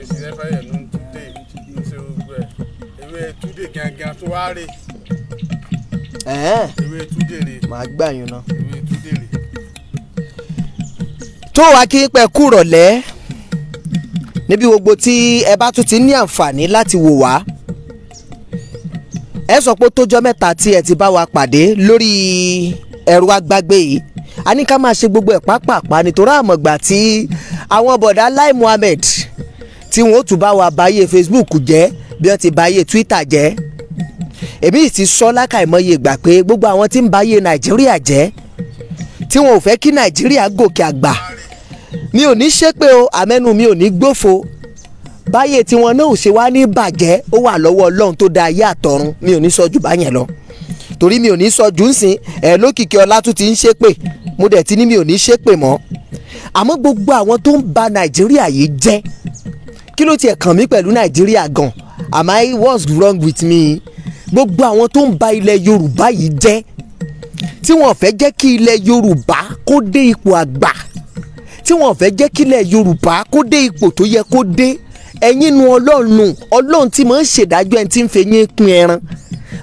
ìṣiṣẹ́ fáyẹ̀mí túdé ń ṣe gbogbo ẹ̀ ewé túdé gangan tó wá rè. ewé túdé rè. màá gbà yín ná. ewé túdé rè. tó wá kí n pẹ́ kú rọ̀lẹ́ níbi gbogbo tí ẹ bá tún ti ní àǹfààní láti wò wá ẹ sọ pé ó tójọ́ mẹ́ta tí ẹ ti bá wa pàdé lórí ẹ̀rọ agbágbé yìí a ní ká máa ṣe gbogbo ẹ̀ pápápá nítorí àmọ̀gbà tí àwọn bọ̀dá Lai Muhammed tí wọn ó tún bá wa báyé Facebook jẹ́ bí wọ́n ti báyé Twitter jẹ́ èmi ti sọ lákàìmọye ìgbà pé gbogbo àwọn tí ń báyé Nàìjíríà jẹ́ tí wọn ò fẹ́ kí Nàìjíríà gòkè àgbà mi ò ní ṣépè o àmẹ́nu mi ò ní gbófo báyé tiwọn náà ò ṣe wá ní bàjẹ́ ó wà lọ́wọ́ Ọlọ́run tó dá ayé àtọ̀run mi ò ní sọ jù báyẹn lọ torí mi ò ní sọ jù ń sìn ẹ lókìkí ọlá tún ti ń ṣépè mo dẹ̀ ti ní mi ò ní ṣépè mọ́ àmọ́ gbogbo àwọn tó ń ba Nàìjíríà yìí jẹ́ kí ló tiẹ̀ kàn mí pẹ̀lú nàìjíríà gan am I what's wrong with me gbogbo àwọn tó ń ba ilẹ̀ yorùbá yìí jẹ́ tí wọ́n fẹ́ jẹ́ kí ilẹ̀ yorùbá kó dé ipò àgbà tí wọ́n fẹ́ jẹ́ kí ilẹ̀ yorùbá kó dé ipò tó yẹ kó dé ẹ̀yin nu ọlọ́run ọlọ́run tí mo ń ṣèdájọ́ ẹni tí ń fi eyín pin ẹran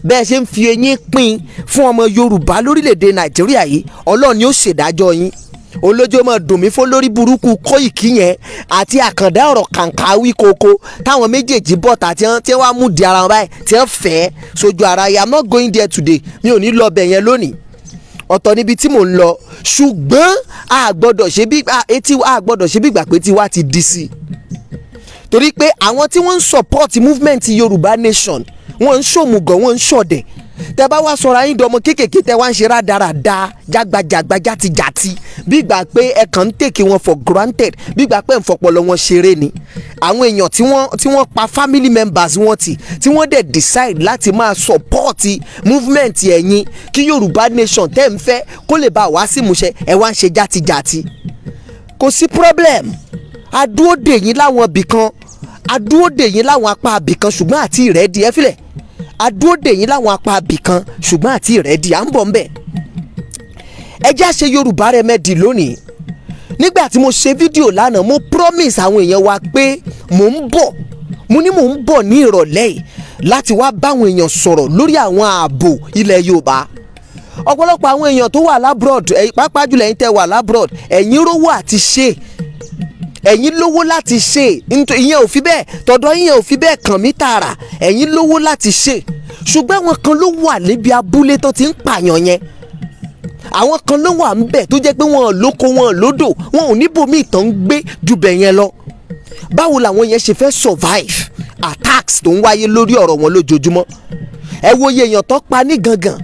bẹ́ẹ̀ ṣe ń fi eyín pin fún ọmọ yorùbá lórílẹ̀‐èdè nàìjíríà yìí ọlọ́run ni ó ṣèdájọ́ yín olójó máa dùn lórí burúkú Kóìkí yẹn àti àkàndá ọ̀rọ̀ kàǹkà wí koko táwọn méjèèjì bọ̀ tà tí wọ́n wá mú di ara wọn báyìí tí wọ́n fẹ́ sojú ara yẹn I'm not going there today mi ò ní lọ bẹ̀ yẹn lónìí ọ̀tọ̀ níbi tí mò ń lọ ṣùgbọ́n a gbọ́dọ̀ ṣe bí etí a gbọ́dọ̀ ṣe bí ìgbà pé tiwa ti di sí i torí pé àwọn tí wọ́n ń support movement Yorùbá nation wọ́n ń ṣòmùgọ̀ wọ́n ń ṣọ̀dẹ̀ tẹ bá wá sọra yín dọmọ kéékèèké tẹ wá ń ṣe rádaràda jágbajàgba játijàti bígbà pé ẹ kàn ń tèké wọn for granted bígbà pé ń fọpọlọ wọn ṣeré ni àwọn èèyàn tí wọ́n pa family members wọn ti tí wọ́n dẹ̀ decide láti máa support movement ẹ̀yin kí Yorùbá nation tẹ́ ń fẹ́ kó lè bá wá sí ìmúṣẹ ẹ wá ń ṣe játijàti kò sí problem adúódè yín láwọn ibì kan adúódè yín láwọn apá ibì kan ṣùgbọ́n àti ìrẹ́dí filẹ̀ adúódè yín láwọn apá abì kan ṣùgbọ́n àti ìrẹ́dì à ń bọ̀ ńbẹ̀ ẹ já ṣe yorùbá rẹmẹdì lónìí nígbà tí mo ṣe fídíò lánàá mo promise àwọn èèyàn wa pé mò ń bọ̀ mo ní mò ń bọ̀ ní ìrọ̀lẹ́ yìí láti wá báwọn èèyàn sọ̀rọ̀ lórí àwọn ààbò ilẹ̀ yorùbá ọ̀pọ̀lọpọ̀ àwọn èèyàn tó wà lábroad pàápàá jùlọ ẹ̀yin tẹ́ wà lábroad ẹ̀yin rówó àti ṣe ẹ̀yin lówó láti ṣe ìyẹn ò fi bẹ́ẹ̀ tọ̀dọ̀ ìyẹn ò fi bẹ́ẹ̀ kàn mí tààrà ẹ̀yin lówó láti ṣe ṣùgbọ́n àwọn kan ló wà níbi abúlé tó ti ń pààyàn yẹn àwọn kan ló wà ń bẹ̀ tó jẹ́ pé wọn lóko wọn lódò wọn ò níbòmíì tó ń gbé ju bẹ̀ yẹn lọ báwo làwọn yẹn ṣe fẹ́ survive attacks tó ń wáyé lórí ọ̀rọ̀ wọn lójoojúmọ́ ẹ wo iye èèyàn tó pa ní gangan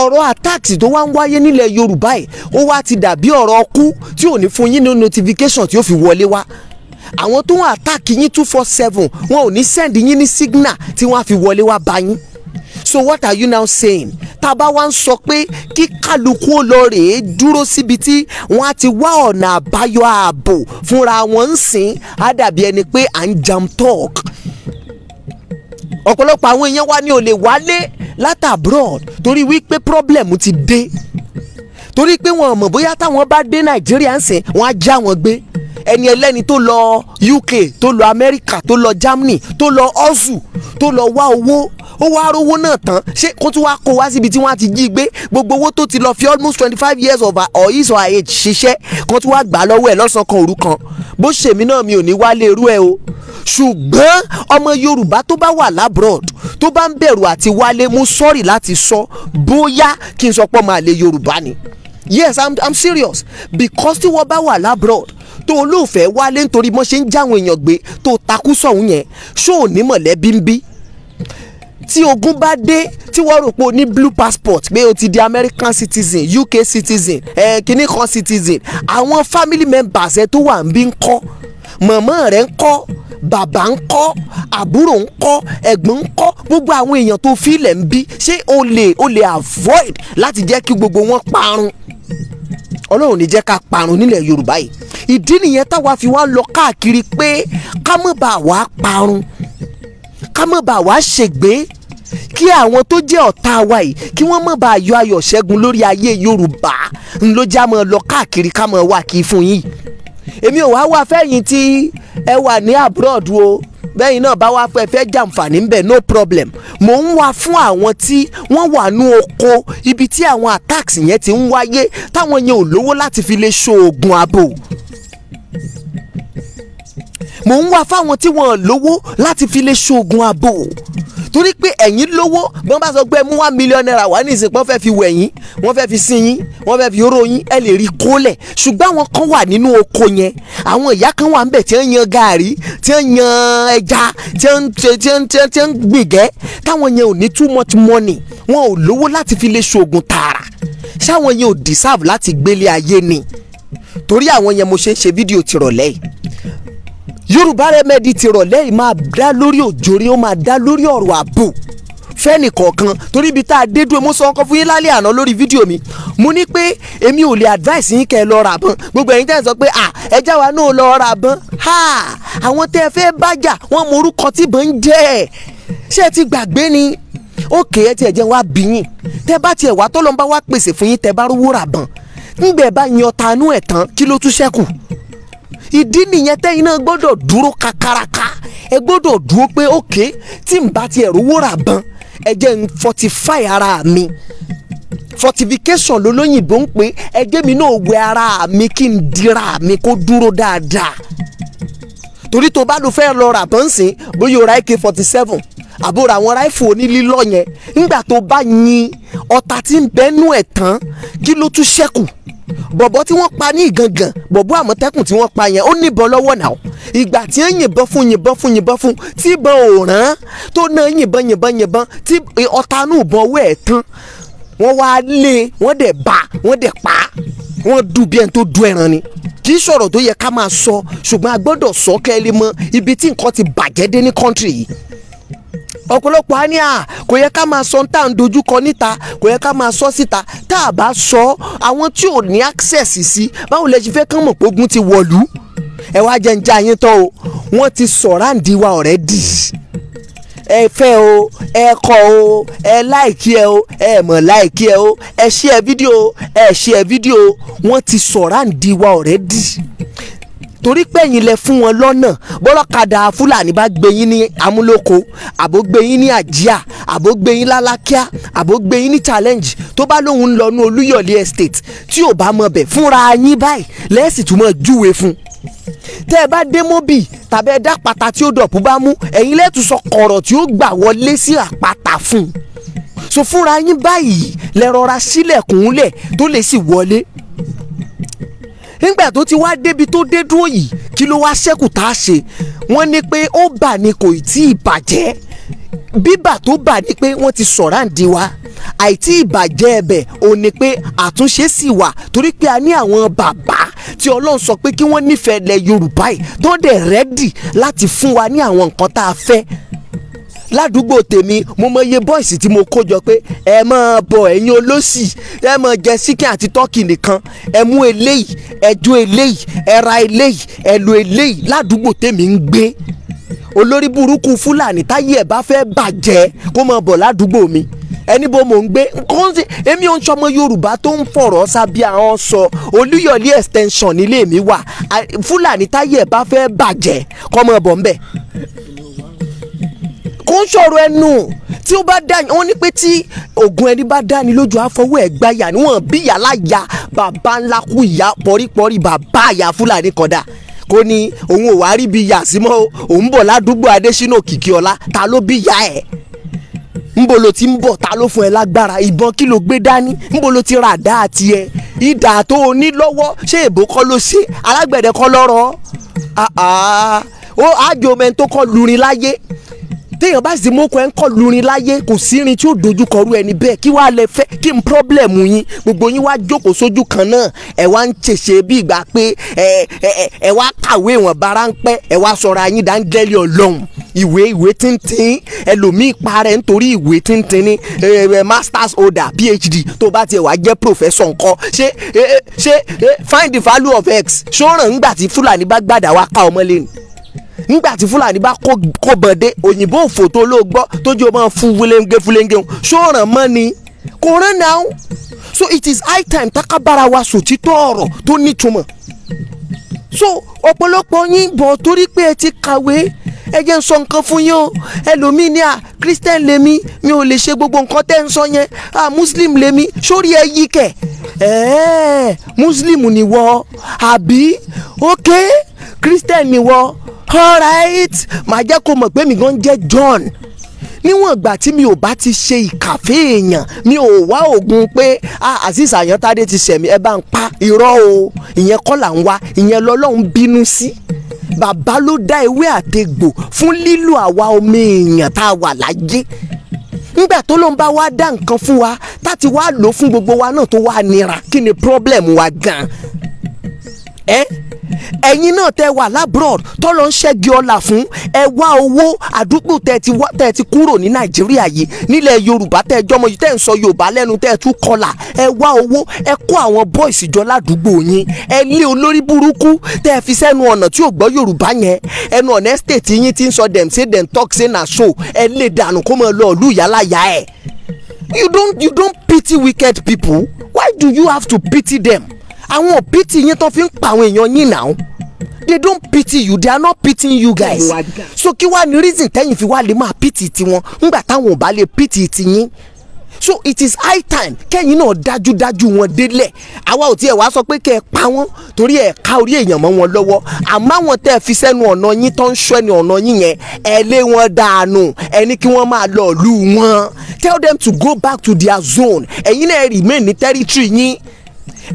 ọ̀rọ̀ attacks tó wá ń wáyé nílẹ̀ yorùbá yìí ó wá ti dàbí ọ̀rọ̀ ọkú tí ò ní fún yín ní notification tí ó fi wọlé wá àwọn tó ń attack yín two four seven wọn ò ní send yín ní signal tí wọ́n á fi wọlé wá bá yín so what are you now saying tá a bá wá ń sọ pé kí kálukú ó lọ rèé dúró síbi tí wọ́n á ti wá ọ̀nà àbáyọ ààbò fúnra wọn ń sìn á dàbí ẹni pé à ń jam talk ọ̀pọ̀lọpọ̀ àwọn èèyàn wa ni ò lè wálé láti abroad torí wípé problem ti dé torí pé wọn mọ̀ bóyá táwọn bá dé nàìjíríà ń sìn wọn á já wọn gbé ẹni ẹlẹ́ni tó lọ UK tó lọ Amẹ́ríkà tó lọ Germany tó lọ ọ̀sù tó lọ wá owó ó wá rówó náà tán ṣé kó tún wá kó wá síbi tí wọ́n á ti jí gbé gbogbo owó tó ti lọ fi almost twenty five years of or his or her age ṣiṣẹ́ kó tún wá gbà lọ́wọ́ ẹ̀ lọ́sàn kan òru kan bó ṣèmi náà mi ò ní wálé irú ẹ o ṣùgbọ́n ọmọ Yorùbá tó bá wà labroad tó bá ń bẹ̀rù àti wálé mo sọ́ọ̀rì láti sọ bóyá kí n sọ pé ọmọ àlè Yorùbá ni yes i'm i'm serious because tí wọ́n bá wà labroad tó olóòfẹ́ wálé nítorí mọ́ ṣe ń jáwọn èèyàn gbé tó takú sọ̀hún yẹn ṣó ò ní mọ̀lẹ́bí ń bí tí ogun bá dé tí wọ́n rò pé o ní blue passport pé o ti di American citizen UK citizen eh, kìnnì kan citizen àwọn family members ẹ tó wà ń bí ń kọ́ mọ̀mọ́ rẹ̀ ń kọ́ bàbá ń kọ́ àbúrò ń kọ́ ẹ̀gbọ́n ń kọ́ gbogbo àwọn èèyàn tó fi ilẹ̀ ń bí ṣé o lè o lè avoid láti jẹ́ kí gbogbo wọn parun ọlọ́run ní jẹ́ ká parun nílẹ̀ yorùbá yìí ìdí nìyẹn táwa fi wá lọ káàkiri pé ká má bàa wá parun ká má bàa wá ṣègbé kí àwọn tó jẹ́ ọ̀tá wa yìí kí wọ́n má bàa yọ ayọ̀ ṣẹ́gun lórí ayé yorùbá ńlọ já mọ́ lọ káàkiri ká mọ́ wá kí fún yín èmi ò wá wá fẹ́yìn ẹ wà ní abroad wo bẹ́yìn náà bá wá fẹ́ fẹ́ jàǹfààní ń bẹ̀ no problem mò ń wá fún àwọn tí wọ́n wà nú oko ibi tí àwọn attacks yẹn ti ń wáyé táwọn yẹn ò lówó láti fi lè ṣoògùn abo mò ń wá fáwọn tí wọ́n lówó láti fi lè ṣoògùn abo torí pé ẹ̀yin lówó bí wọ́n bá sọ pé mú wá mílíọ̀nù náírà wá ní ìsìnkú wọ́n fẹ́ fi wẹ̀ yín wọ́n fẹ́ fi sin yín wọ́n fẹ́ fi oró yín ẹ lè rí kólẹ̀ ṣùgbọ́n àwọn kan wà nínú oko yẹn àwọn ìyá kan wà ńbẹ̀ tí ń yan gààrí tí ń yan ẹja tí ń tí ń tí ń gbìgẹ́ táwọn yẹn ò ní too much money wọn ò lówó láti fi lè ṣoògùn tààrà ṣáwọn yẹn ò deserve láti gbélé ayé ni torí àwọn yẹn mo ṣe ń ṣe fídíò tìrọ̀lẹ́ yorùbá rẹ́mẹ́dì tìrọ̀lẹ́ yìí máa dá lórí òjòrí ó máa dá lórí ọ̀rọ̀ ààbò fẹ́ẹ̀nì kọ̀ọ̀kan torí ibi tá a dé dúró mo sọ ọkọ fún yín lálẹ́ àná lórí fídíò mi mo ní pé èmi ò lè advice yín kẹ́ ẹ lọ rà bọ́n gbogbo ẹ̀yin tẹ́ sọ pé à ẹ já wa náà lọ rà bọ́n ha àwọn tẹ́ ẹ fẹ́ bájà wọ́n mọ orúkọ tí bọ́n ń jẹ́ ẹ̀ ṣé ẹ ti gbàgbé ni òkè ẹ ti jẹ́ wa bí yín tẹ́ bá tiẹ̀ wá tọ́lọ́mbá wá pèsè fún yín tẹ́ bá rówó rà bọ́n ńgbẹ̀ bá yan ọ̀tanú ẹ̀ tán kí ló tún ṣẹ́kù ìdí nìyẹn tẹ́yìn náà gbọ́dọ̀ dúró kakaraka ẹ gbọ́dọ̀ dúró pé òkè tí n bá tiẹ̀ rówó rà bán ẹ jẹ́ n fortify ara mi fortification lolóyìnbó ń pè ẹ jẹ́ mi náà wẹ ara mi kí n dira mi kó dúró dáadáa torí tó bá lo fẹ́ lọ rà bán sí bóyá o ra AK forty seven àbúrò àwọn ráìfù onílílọ yẹn nígbà tó bá yin ọta tí ń bẹ́nu ẹ̀ tán kí ló tún ṣẹ́kù bọ̀bọ̀ tí wọ́n pa ní ìgangan bọ̀bọ̀ àmọ̀tẹ́kùn tí wọ́n pa yẹn ó níbọn lọ́wọ́ náà ìgbà tí ń yìnbọn fún yìnbọn fún yìnbọn fún tí ìbọn ò rán tó náà yìnbọn yìnbọn yìnbọn tí ọta inú ìbọn owó ẹ̀ tán wọ́n wá lé wọ́n dẹ̀ bá wọ́n dẹ̀ pa wọ́n du bí ẹni tó du ẹran ni kì í sọ̀rọ̀ tó yẹ ká máa sọ ṣùgbọ́n a gbọ́dọ̀ sọ kẹ́ ẹ lè ibi tí nǹkan ti bàjẹ́ dé ní kọ́ńtì yìí ọ̀pọ̀lọpọ̀ á ní à kò yẹ ká máa sọ tá à ń dojúkọ níta kò yẹ ká máa sọ síta tá a bá sọ àwọn tí ò ní access sí báwo lẹ ṣe fẹ́ kán mọ̀ pé ogun ti wọ̀lú ẹ wá jẹ́ ń já yín tán o wọ́n ti sọ̀ráǹdì wa already ẹ fẹ́ o ẹ kọ́ o ẹ láìkí ẹ o ẹ mọ̀ láìkí ẹ o ẹ ṣí ẹ fídíò ẹ ṣí ẹ fídíò wọ́n ti sọ̀ráǹdì wa already torí pẹ̀yìn lẹ fún wọn lọ́nà bọ́lọ́kadà fúlàní bá gbẹ̀yìn ní amúlòkó àbó gbẹ̀yìn ní àjíà àbó gbẹ̀yìn lálákíá àbó gbẹ̀yìn ní challenge tó bá lóun ń lọ ní olúyọ̀lé estate tí ò bá mọ bẹ̀ fúnra yín báyìí lẹ́sìn tó mọ̀ júwe fún tẹ́ ẹ bá dé mọ́bì tàbí ẹ dá pata tí ó dọ̀pù bá mú ẹ̀yin lẹ́tù sọ kọ̀rọ̀ tí ó gbà wọlé sí àpáta fún so fúnra yín báyìí lẹ rọra sílẹ̀kùn lẹ̀ tó lè sì wọlé nígbà tó ti wá débi tó dé dúró yìí kí ló wá ṣẹ́kù tá a ṣe wọ́n ní pé ó bà ní kò tí ì bàjẹ́ bíbà tó bà ní pé wọ́n ti sọ̀ráǹdì wa àìtí ìbàjẹ́ ẹ̀bẹ̀ ò ní pé àtúnṣe sì wà torí pé a ní àwọn bàbá tí ọlọ́run sọ pé kí wọ́n nífẹ̀ẹ́ ilẹ̀ yorùbá yìí tó dẹ̀ rẹ́dì láti fún wa ní àwọn nǹkan tá a fẹ́ ládùúgbò tèmi mo mọ iye bọ́ìsì tí mo kó jọ pé ẹ máa bọ ẹ̀yin olóṣì ẹ máa jẹ síkì àti tọ́kì nìkan ẹ mú eléyìí ẹ jó eléyìí ẹ ra eléyìí ẹ lo eléyìí ládùúgbò tèmi ń gbé olórí burúkú fúlàní táyé ẹ̀ bá fẹ́ bàjẹ́ kó máa bọ̀ ládùúgbò mi ẹni bó mò ń gbé kọ́ńsì èmi ò ń sọmọ yorùbá tó ń fọ̀rọ̀ sábẹ́ àwọn sọ olúyọ̀lé extension nílé mi wà fúlàní táyé ẹ̀ bá fẹ́ bàjẹ́ kó máa bọ̀ ń bẹ̀ kò ń sọ̀rọ̀ ẹnu tí ó bá dá wọn ní pé tí oògùn ẹni bá dá ni lójú àfọwọ́ ẹ̀ gbáyà níwọ̀n bí ìyá láyà bàbá ńlá kú ìyá pọ̀rípọ̀rí bàbá àyà fúlàní kọ̀dà kó ní òun ò wá rí bí ìyá símọ́ òun bọ̀ ládùúgbò adésínà kìkìọ́lá ta ló bí ìyá ẹ̀ nbo lo ti ń bọ̀ ta ló fún ẹ lágbára ìbọn kí ló gbé dání nbo lo ti ra àdá àti ẹ ìdà tó o ní lọ́wọ́ ṣé èbó kọ́ ló ṣe alágbẹ̀dẹ kọ́ lọ́rọ̀ ah, ah. ó àjò mẹ́ni kọ́ lurin láyé téèyàn bá sì mọ́kọ ẹ̀ ń kọ́ lurin láyé kò sí irin tí ó dojú kọrú ẹni bẹ́ẹ̀ kí wàá lẹ fẹ́ kí n problem yín gbogbo yín wá jókòó sójú kan náà ẹ̀ wá ń ṣèṣe bí ìgbà pé ẹ̀ ẹ̀ ẹ̀ wá kàwé ìwọ̀n bara ń pẹ́ ẹ̀ wá sọ̀rọ̀ ayín dáńgẹ́lì ọlọ́run ìwé ìwé tíntín ẹlòmíì parẹ́ nítorí ìwé tíntín ní masters holder phd tó bá tiẹ̀ wá jẹ́ professor ńkọ́ ṣé ṣé find the value of x ṣó ràn ń gbà tí fúlàní bá gbàdá wá ká ọmọ lẹ́nu nígbà tí fúlàní bá kó bọ̀dé òyìnbó òfò tó ló gbọ́ tójú ọmọ fún fúlẹ́ńgé fúlẹ́ńgé ṣọ́ọ̀ràn mọ́ ni kò rán náà so it is high time takabara wa sòtítọ́ ọ̀rọ̀ tó nítumọ̀ so ọ̀pọ̀lọpọ̀ yín bọ̀ torí pé ẹ ti kàwé ẹ jẹ́ ń sọ nǹkan fún yín o ẹlòmíì ní à christian lèmi mi ò lè ṣe gbogbo nǹkan tẹ́ ń sọ yẹn à muslim lèmi sórí ẹ yí kẹ̀ ẹ́ẹ́ muslim ni wọ́ àbí ok christian ni wọ́ alright màá jẹ́ kó mọ̀ pé mi gan jẹ́ john níwọ̀n ìgbà tí mi ò bá ti ṣe ìkàfé èèyàn mi ò wá òògùn pé azeez ayọ̀tádé ti ṣẹ̀mí ẹ bá ń pa irọ́ o ìyẹn kọ́ là ń wá ìyẹn lọ́lọ́run bínú sí bàbá ló dá ewé àtegbò fún lílo àwa ọmọ èèyàn tá a wà láyé nígbà tó ló ń bá wa dá nǹkan fún wa tá ti wá lò fún gbogbo wa náà tó wá nira kí ni problem wa gan-an ẹ́ ẹ̀yin náà tẹ wà labroad tọ́lọ́ ń ṣẹ́gi ọlà fún ẹ wá owó àdúgbò tẹ ti wá tẹ ti kúrò ní nàìjíríà yìí nílẹ̀ yorùbá tẹ jọmọ yìí tẹ ń sọ yorùbá lẹ́nu tẹ tún kọlà ẹ wá owó ẹ kó àwọn boys jọ ládùúgbò yín ẹ lé olórí burúkú tẹ fi sẹ́nu ọ̀nà tí ò gbọ́ yorùbá yẹn ẹnu ọ̀nà estate yín ti ń sọ dem say dem talk say na so ẹ lè dànù kó mọ lọ ọ̀lú ìyálàyà ẹ̀ you don't you don't pity wicked people why do you have to pity them? àwọn òbí tí yín tó fi ń pa àwọn èèyàn yín náà they don't pity you they are not pitying you guys so kí wàá ní reason tẹ́yìn fi wá lè máa pity tiwọn ńgbà táwọn ò bá lè pity tiyín so it is high time kẹ́yìn náà dájúdájú wọn délẹ̀ àwa ò tiẹ̀ wá sọ pé kẹ́ ẹ pa wọ́n torí ẹ̀ ká orí èèyàn mọ́ wọn lọ́wọ́ àmọ́ àwọn tẹ́ ẹ fi sẹ́nu ọ̀nà yín tó ń sọ ẹni ọ̀nà yín yẹn ẹ lé wọn dànù ẹni kí wọ́n máa lọ ìlú wọn tell them to go back to their zone ẹ̀yin náà remain ní territory yín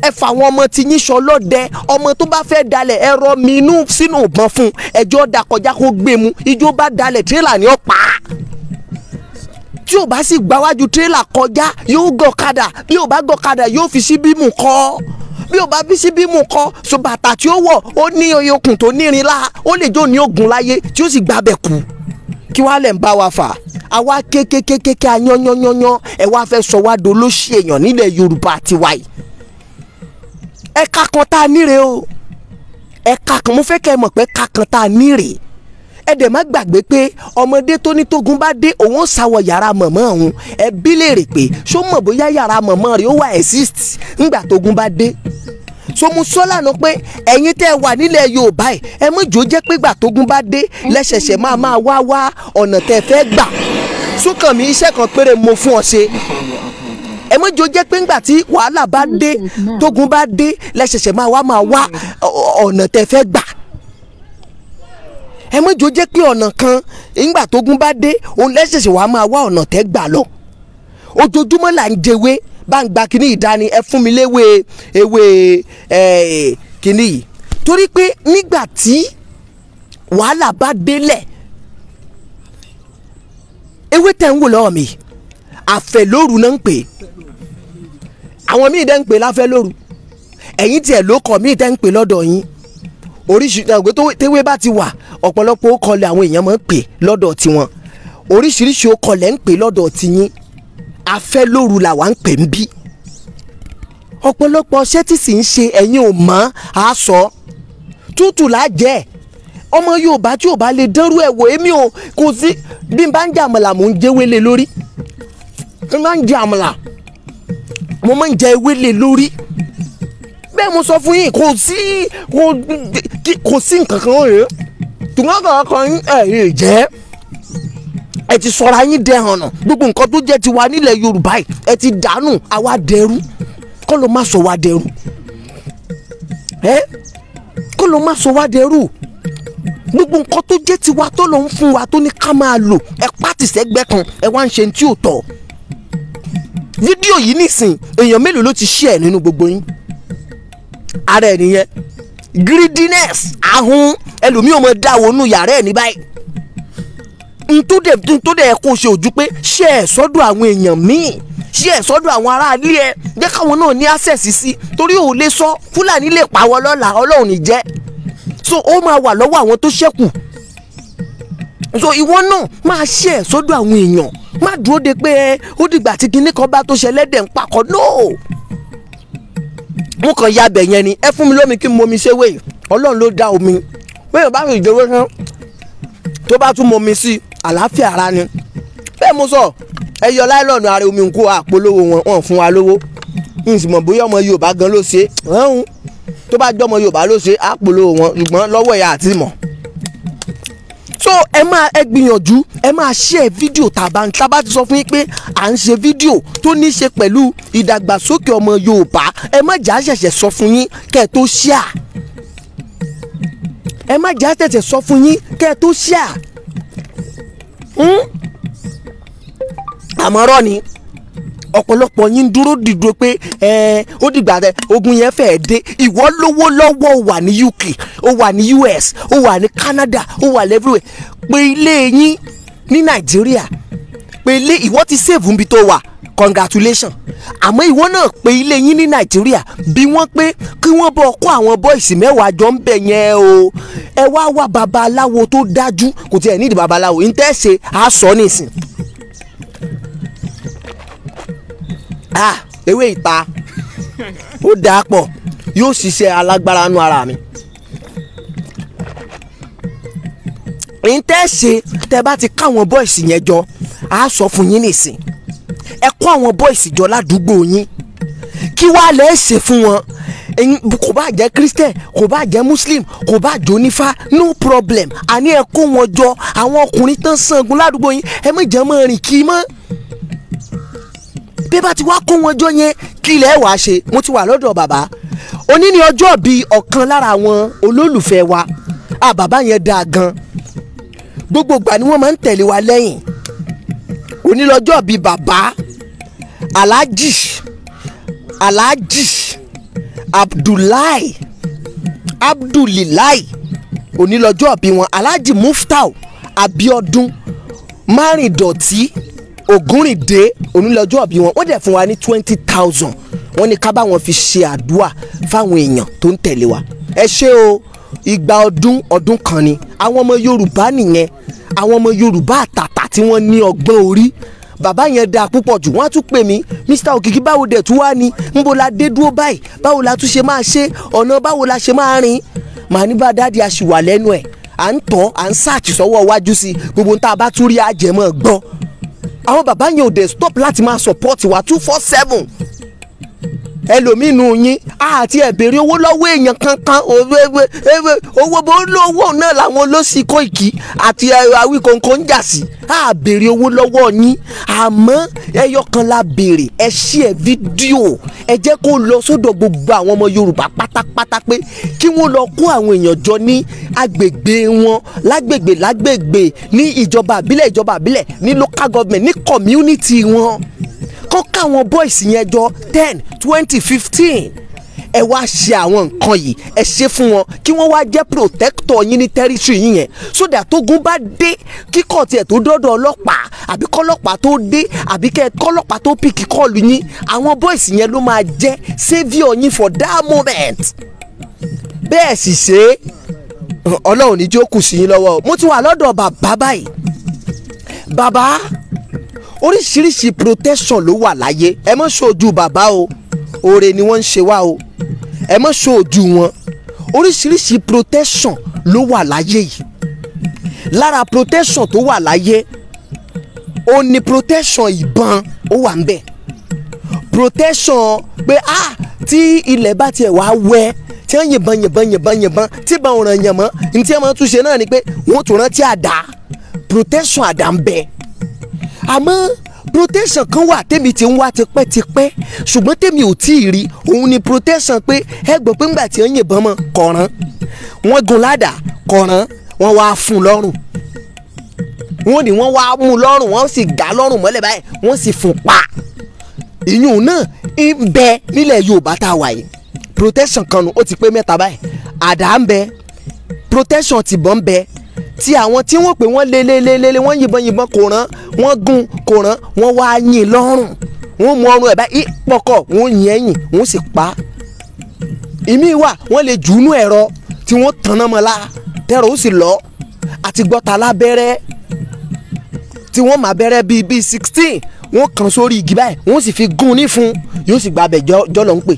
ẹ fà àwọn ọmọ tí yín ṣọlọ́dẹ ọmọ tó bá fẹ́ dalẹ̀ ẹ rọ sínú ìbọn fún ẹjọ́ da kọjá kó gbé mu ijó bá dalẹ̀ tírélà ni ó pa á tí ò bá sì gbáwájú tírélà kọjá yóò gọ̀kadà bí ò bá gọ̀kadà yóò fi síbí mú kọ́ bí ò bá bí síbí mú kọ́ so bàtà tí ó wọ̀ ó ní oye okùn tó nírin lá ó lè jó ní ogun láyé tí ó sì gbábẹ̀ kú kí wàá lẹ̀ ń bá wa fà àwa kékékékéké ayányányányán ẹ wá fẹ́ sọ wá dolóṣì èèyàn Yorùbá tiwa yìí ẹ̀ka kan tá a níre o ẹ̀ka kan mo fẹ́ kẹ́ ẹ mọ̀ pé ẹ̀ka kan tá a níre ẹ dẹ̀ má gbàgbé pé ọmọdé tó ní tógun bá dé òun ó sáwọ yàrá mọ̀mọ́ òun ẹ bí léèrè pé ṣó mọ̀ bóyá yàrá mọ̀mọ́ rẹ̀ ó wà exist ńgbà tógun bá dé so mo sọ lánàá pé ẹ̀yin tẹ́ ẹ wà nílẹ̀ Yorùbá ẹ̀ ẹ mú ìjó jẹ́ pé gbà tógun bá dé lẹ́sẹ̀sẹ̀ máa máa wá wá ọ̀nà tẹ́ ẹ fẹ́ gbà sókàn mi iṣẹ́ kan péré mo fún ọ ṣe ẹ mọ́ jọ jẹ́ pé ńgbà tí wàhálà bá dé tógun bá dé lẹ́sẹ̀sẹ̀ máa wá máa wá hmm. ọ̀nà tẹ́ fẹ́ gbà ẹ mọ́ jọ jẹ́ pé ọ̀nà kan ńgbà tógun bá dé òun lẹ́sẹ̀sẹ̀ wàá máa wá ọ̀nà tẹ́ gbà lọ ojoojúmọ́ là ń jẹwé bá ń gba kíní ìdání ẹ fún mi léwé ewé kíní yìí torí pé nígbà tí wàhálà bá délẹ̀ ewé tẹ̀ ń wò lọ́wọ́ mi àfẹ̀lóru náà ń pè é àwọn míì dẹ́ ń pè láfẹ́ lóru ẹ̀yìn tiẹ̀ ló kọ̀ míì dẹ́ ń pè lọ́dọ̀ yín oríṣiríṣi àgbẹ̀ tẹ́wé bá ti wà ọ̀pọ̀lọpọ̀ ó kọlẹ̀ àwọn èèyàn máa ń pè lọ́dọ̀ tiwọn oríṣiríṣi ó kọlẹ̀ ń pè lọ́dọ̀ tiyín afẹ́ lóru làwa ń pè ń bí ọ̀pọ̀lọpọ̀ ṣé tí sì ń ṣe ẹ̀yin ò mọ̀ á sọ tútù lájẹ́ ọmọ Yorùbá tí ò bá lè dẹ́rù ẹ̀ wò èmi ò kò sí bí n bá ń jẹ àmàlà mò ń jẹ́wélé lórí n bá ń jẹ àmàlà mo máa ń jẹ ewé lé lórí bẹ́ẹ̀ mo sọ fún yín kò sí kò sí nǹkan kan rèé tùmọ̀ kan kan ẹ̀ lè jẹ́ ẹ ti sọra yín dẹ̀hàn nà gbogbo nǹkan tó jẹ́ tiwa nílẹ̀ Yorùbá yìí ẹ ti dànù àwa dẹrú kọ́ ló má sọ wá dẹrú ẹ kọ́ ló má sọ wá dẹrú gbogbo nǹkan tó jẹ́ tiwa tó lọ ń fún wa tó ní ká máa lò ẹ pàtì kan ẹ wá ń ṣe ní tí ò tọ́ fídíò yìí nìsín èèyàn mélòó ló ti share nínú gbogbo yín ara ẹ̀ nìyẹn greediness ahun ẹlòmíì ò mọ dáwọ́ nù yàrá ẹ̀ ní báyìí ntúdẹ̀ ntúdẹ̀ kò ṣe ojú pé share sọ́dọ̀ àwọn èèyàn míì share sọ́dọ̀ àwọn aráalé ẹ̀ jẹ́ káwọn náà ní access sí torí ò lè sọ fúlàní lè pa wọ́n lọ́la ọlọ́run ní so ó máa wà lọ́wọ́ àwọn tó ṣẹ́kù so ìwọ náà máa ṣe ẹ̀ sọ́dọ̀ àwọn èèyàn má dúró de pé ó dìgbà tí kinní kan bá tó ṣẹlẹ̀ dẹ̀ ń pakọ̀ nóò mo kàn ya abẹ yẹn ni ẹ fún mi lómi kí n momi ṣe wéyìí ọlọ́run ló dá omi wéyìí bá rìn ìdòwò tán tó bá tún momi sí àlàáfíà ara ni bẹ́ẹ̀ mo sọ ẹ yọ láìlọ́ọ̀nù ara omi nkú àpolówó wọn wọn fún wa lówó n sì mọ̀ bóyá ọmọ Yorùbá gan ló ṣe tó bá jọ́ ọmọ Yorùbá ló ṣe àpolówó wọn ṣùgbọ́n lọ́wọ́ ẹ̀yà so ẹ máa ẹ gbìyànjú ẹ máa share fídíò tàbá tábà ti sọ fún yín pé à ń ṣe fídíò tó ní í ṣe pẹ̀lú ìdàgbàsókè ọmọ Yorùbá ẹ má jà á ṣẹ̀ṣẹ̀ sọ fún yín kẹ́ ẹ tó share ẹ má jà á ṣẹ̀ṣẹ̀ sọ fún yín kẹ́ ẹ tó share hmm? àmọ́rọ́ ni ọ̀pọ̀lọpọ̀ yín dúró dìdúró pé ó dìgbà rẹ ogun yẹn fẹ́ dé ìwọ lówó lọ́wọ́ wà ní UK ó wà ní US ó wà ní Canada ó wà lẹ́fúrẹ́ pé ilé yín ní Nàìjíríà pé ilé ìwọ ti save nbi tó wà congratulation àmọ́ ìwọ náà pé ilé yín ní nàìjíríà bí wọ́n pé kí wọ́n bọ̀ kó àwọn bọ́ìsì mẹ́wàá jọ ń bẹ̀ yẹn o ẹ wá wá babaláwo tó dájú kò tiẹ̀ nídìí babaláwo ń àá sọ nísìn. ah ewé ìta ó dáa pọ̀ yóò ṣiṣẹ́ alágbára nu ara mi. n tẹ́ ṣe tẹ́ bá ti káwọn bọ́ìsì yẹn jọ á sọ fún yín nìsín ẹ kó àwọn bọ́ìsì jọ ládùúgbò yín kí wàá lè ṣe fún wọn kò bá jẹ́ christian kò bá jẹ́ muslim kò bá jẹ́ no problem àní ẹ kó wọn jọ àwọn ọkùnrin tán sangun ládùúgbò yín ẹ má jẹ́ mọ́ rìn kí mọ́ bí bá ti wá kó wọn jọ yẹn kí ilẹ̀ wàá ṣe mo ti wà lọ́dọ̀ bàbá òní ni ọjọ́ bíi ọ̀kan lára àwọn olólùfẹ́ wa à bàbá yẹn dáa gan gbogbo ìgbà ni wọ́n máa ń tẹ̀lé wa lẹ́yìn òní lọ́jọ́ bíi bàbá alhaji alhaji abdullahi abdulilahi òní lọ́jọ́ bíi wọn alhaji muftau abiodun márìndọ̀tí ògúnrìndé onílọ́jọ́ ọ̀bí wọn wọ́n dẹ̀ fún wa ní twenty thousand wọ́n ní ká bá wọn fi ṣe àdúà fáwọn èèyàn tó ń tẹ̀lé wa ẹ ṣé o ìgbà ọdún ọdún kan ni àwọn ọmọ yorùbá nìyẹn àwọn ọmọ yorùbá àtàtà tí wọ́n ní ọgbọ́n orí bàbá yẹn dáa púpọ̀ jù wọ́n á tún pè mí mr òkìkí báwo dẹ̀ tún wá ni nbo la dé dúró báyìí báwo la tún ṣe máa ṣe ọ̀nà báwo la ṣe máa rìn màá ní bá dáàdi àṣìwà lẹ́nu ẹ̀ à ń tọ́ à ń sáàtì sọ́wọ́ iwájú sí gbogbo ń tá a bá tún rí àjẹmọ́ gbọ́ àwọn bàbá yẹn ò dẹ̀ stop láti máa support wa two four seven ẹlòmínú yín àti ẹ̀bẹ̀rẹ̀ owó lọ́wọ́ èèyàn kankan owó bó lówó náà làwọn olóṣì Kóìkí àti Awíkóńkó ń jà sí àbèrè owó lọ́wọ́ yín àmọ́ ẹyọ kan la béèrè ẹ ṣí ẹ fídíò ẹ jẹ́ kó lọ sọ́dọ̀ gbogbo àwọn ọmọ Yorùbá pátápátá pé kí wọ́n lọ kó àwọn èèyàn jọ ní agbègbè wọn lágbègbè lágbègbè ní ìjọba àbílẹ̀ ìjọba àbílẹ̀ ní local government ní community wọn kọ́ káwọn boys yẹn jọ ten twenty fifteen ẹ wá ṣe àwọn nǹkan yìí ẹ ṣe fún wọn kí wọ́n wá jẹ́ protector yín ní territory yín yẹn sódà tógun bá dé kíkọ́ tiẹ̀ tó dọ́dọ̀ ọlọ́pàá àbí kọ́lọ́pàá tó dé àbí kọ́lọ́pàá tó pìkì kọ́ọ̀lù yín àwọn boys yẹn ló máa jẹ́ saviour yín for that moment bẹ́ẹ̀ sì ṣe ọlọ́run níjó kù sí yín lọ́wọ́ mo ti wà lọ́dọ̀ bàbá báyìí bàbá oríṣiríṣi protection ló wà láyé ẹ mọ́ ṣojú bàbá o oore ni wọ́n ń ṣe wá o ẹ mọ́ ṣojú wọn oríṣiríṣi protection ló wà láyé yìí lára protection tó wà láyé ó ní protection ìbọn ó wà ń protection pé ah tí ilẹ̀ bá tiẹ̀ wá wẹ́ tí wọ́n yìnbọn yìnbọn yìnbọn yìnbọn tí ìbọn ò ràn yàn mọ́ ní tí wọ́n máa tún ṣe náà ni pé wọ́n tún rántí àdá protection àdá ń bẹ àmọ́ protection kan wà tẹ́mi ti ń wá tipẹ́tipẹ́ ṣùgbọ́n tẹ́mi ò tí ì rí òun ni protection pé ẹ gbọ́ pé ńgbà tí wọ́n yìnbọn mọ́ kọ̀ọ̀ràn wọ́n gun ládà kọ̀ọ̀ràn wọ́n wá fún lọ́rùn wọ́n ní wọ́n wá mú lọ́rùn wọ́n sì gà lọ́rùn mọ́lẹ̀ báyìí wọ́n sì fún pa ìyún náà ń bẹ nílẹ̀ Yorùbá tá a wà yìí protection kan nu ó ti pé mẹ́ta báyìí àdá ń bẹ protection tìbọn ń bẹ ti àwọn tí wọ́n pè wọ́n lélelélele wọ́n yìnbọn yìnbọn kò rán wọ́n gún kò rán wọ́n wá yìn lọ́rùn wọ́n mú ọrùn ẹ̀ báyìí pọ̀kọ̀ wọ́n yìn ẹ̀yìn wọ́n sì pa á ìmí wà wọ́n lè jù ú nú ẹ̀rọ tí wọ́n tanná la tẹ̀rọ ó sì lọ àti gbọ́ta lábẹ́rẹ́ tí wọ́n máa bẹ́rẹ́ bíi bíi sixteen wọ́n kàn sórí igi báyìí wọ́n sì fi gún un nífun yóò sì gba abẹ́jọ́ jọ́lọ́ ń pè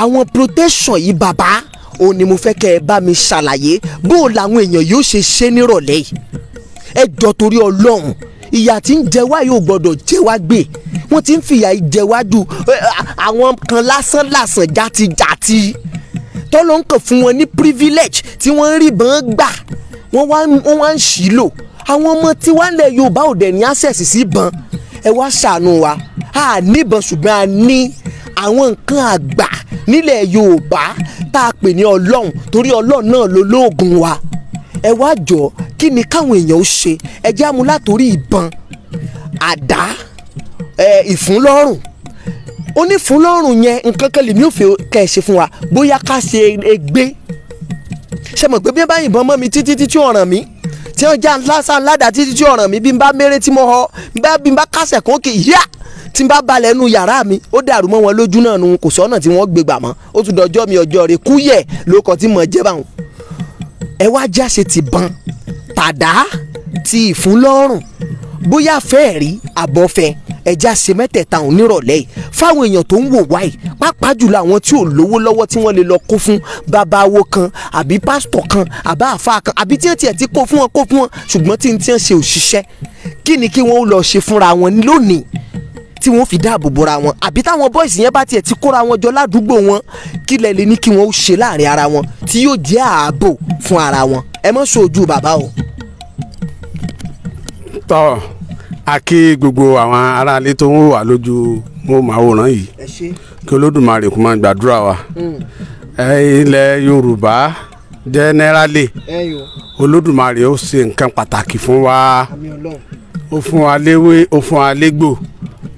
àwọn protection yìí bàbá òun ni mo fẹ́ kẹ́ ẹ bá mi ṣàlàyé bó o làwọn èèyàn yóò ṣe ṣe nírọ̀lẹ́ yìí ẹ jọ torí ọlọ́run ìyà tí ń jẹ wá yóò gbọ́dọ̀ jẹ wá gbé wọ́n ti ń fìyà ìjẹwájú àwọn kan lásán lásán játijàti tọ́lọ́ ń kàn fún wọn ní privilege tí wọ́n ń rí bọ́n gbà wọ́n wá ń ṣì lò àwọn ọmọ tí wọ́n lẹ̀ Yorùbá ò dẹ̀ ní access sí bọ́n ẹ wá ṣàánú wa a níbọn ṣùgbọ́n a ní àwọn nǹkan àgbà nílẹ̀ Yorùbá tá a pè ní ọlọ́run torí ọlọ́run náà ló lóògùn wa ẹ wá jọ kí ni káwọn èèyàn ó ṣe ẹ jẹ́ amú látòrí ìbọn àdá ìfúnlọ́rùn onífúnlọ́rùn yẹn nǹkan kan lèmi ò fẹ́ kẹ́ ẹ ṣe fún wa bóyá ká ṣe egbé ṣe mọ̀ pé bí wọ́n bá yìnbọn mọ́ mi títí títí ọ̀ràn mi tí wọ́n já lásán ládàá títí tí ọ̀ràn mi bí n bá méré tí mo họ bí n bá kásẹ̀ kó kì í yá tí n bá balẹ̀ nu yàrá mi ó dàrú mọ́ wọn lójú náà nu kò sọ́nà tí wọ́n gbé gbà mọ́ ó tún dọjọ́ mi ọjọ́ rẹ̀ kúyẹ̀ ló kọ́ tí mọ̀ jẹ́ báwọn. ẹ wá jáṣe ti ban tàdá ti ìfúnlọ́rùn bóyá fẹ́ẹ̀ rí àbọ̀fẹ́ ẹja ṣe mẹ́tẹ̀ẹ̀ta òun nírọ̀lẹ́ yìí fáwọn èèyàn tó ń wò wáyìí pàápàá jùlọ àwọn tí ò lówó lọ́wọ́ tí wọ́n lè lọ kó fún babawo kan àbí pásítọ̀ kan àbá àfa kan àbí tí wọ́n tiẹ̀ ti kó fún wọn kó fún wọn ṣùgbọ́n tí n tiẹ̀ ṣe òṣìṣẹ́ kí ni kí wọ́n lọ ṣe fúnra wọn lónìí tí wọ́n fi dáàbò bora wọn àbí táwọn boys yẹn bá tiẹ̀ ti kóra wọn jọ ládùúgbò wọn kílẹ̀ lè ní kí wọ́n ó ṣe láàrin ara wọn tí yóò jẹ́ ààbò fún ara wọn ẹ mọ́ sójú bàbá o. tọ́ a kí gbogbo àwọn aráalé tó ń wà lójú mo yìí kí olódùmarè kó máa gbàdúrà wa hmm. ilẹ̀ yorùbá jẹ́nẹ́rálì olódùmarè ó ṣe nǹkan pàtàkì fún wa ó fún wa léwé ó fún wa légbò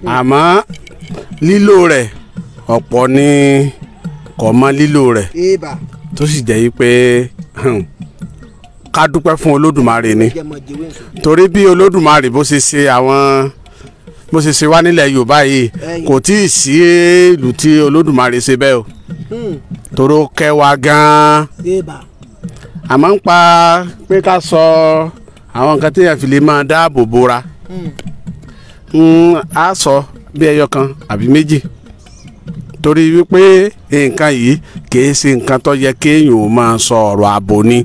àmọ́ lílò rẹ̀ ọ̀pọ̀ ni kò mọ lílò rẹ̀ tó sì jẹ́ pé ká dúpẹ́ fún olódùmarè ni torí bí olódùmarè bó ṣe ṣe àwọn bó ṣe ṣe wá nílẹ̀ yorùbá yìí kò tí ì sí ìlú tí olódùmarè ṣe bẹ́ẹ̀ o hmm. toro kẹwàá gan-an àmọ́ ń pa pé ká sọ. So, àwọn nǹkan téèyàn fi lè máa dáàbò bora á sọ bí ẹyọ kan àbí méjì torí wípé nǹkan yìí kìí ṣe nǹkan tó yẹ kéèyàn máa sọ ọ̀rọ̀ ààbò ni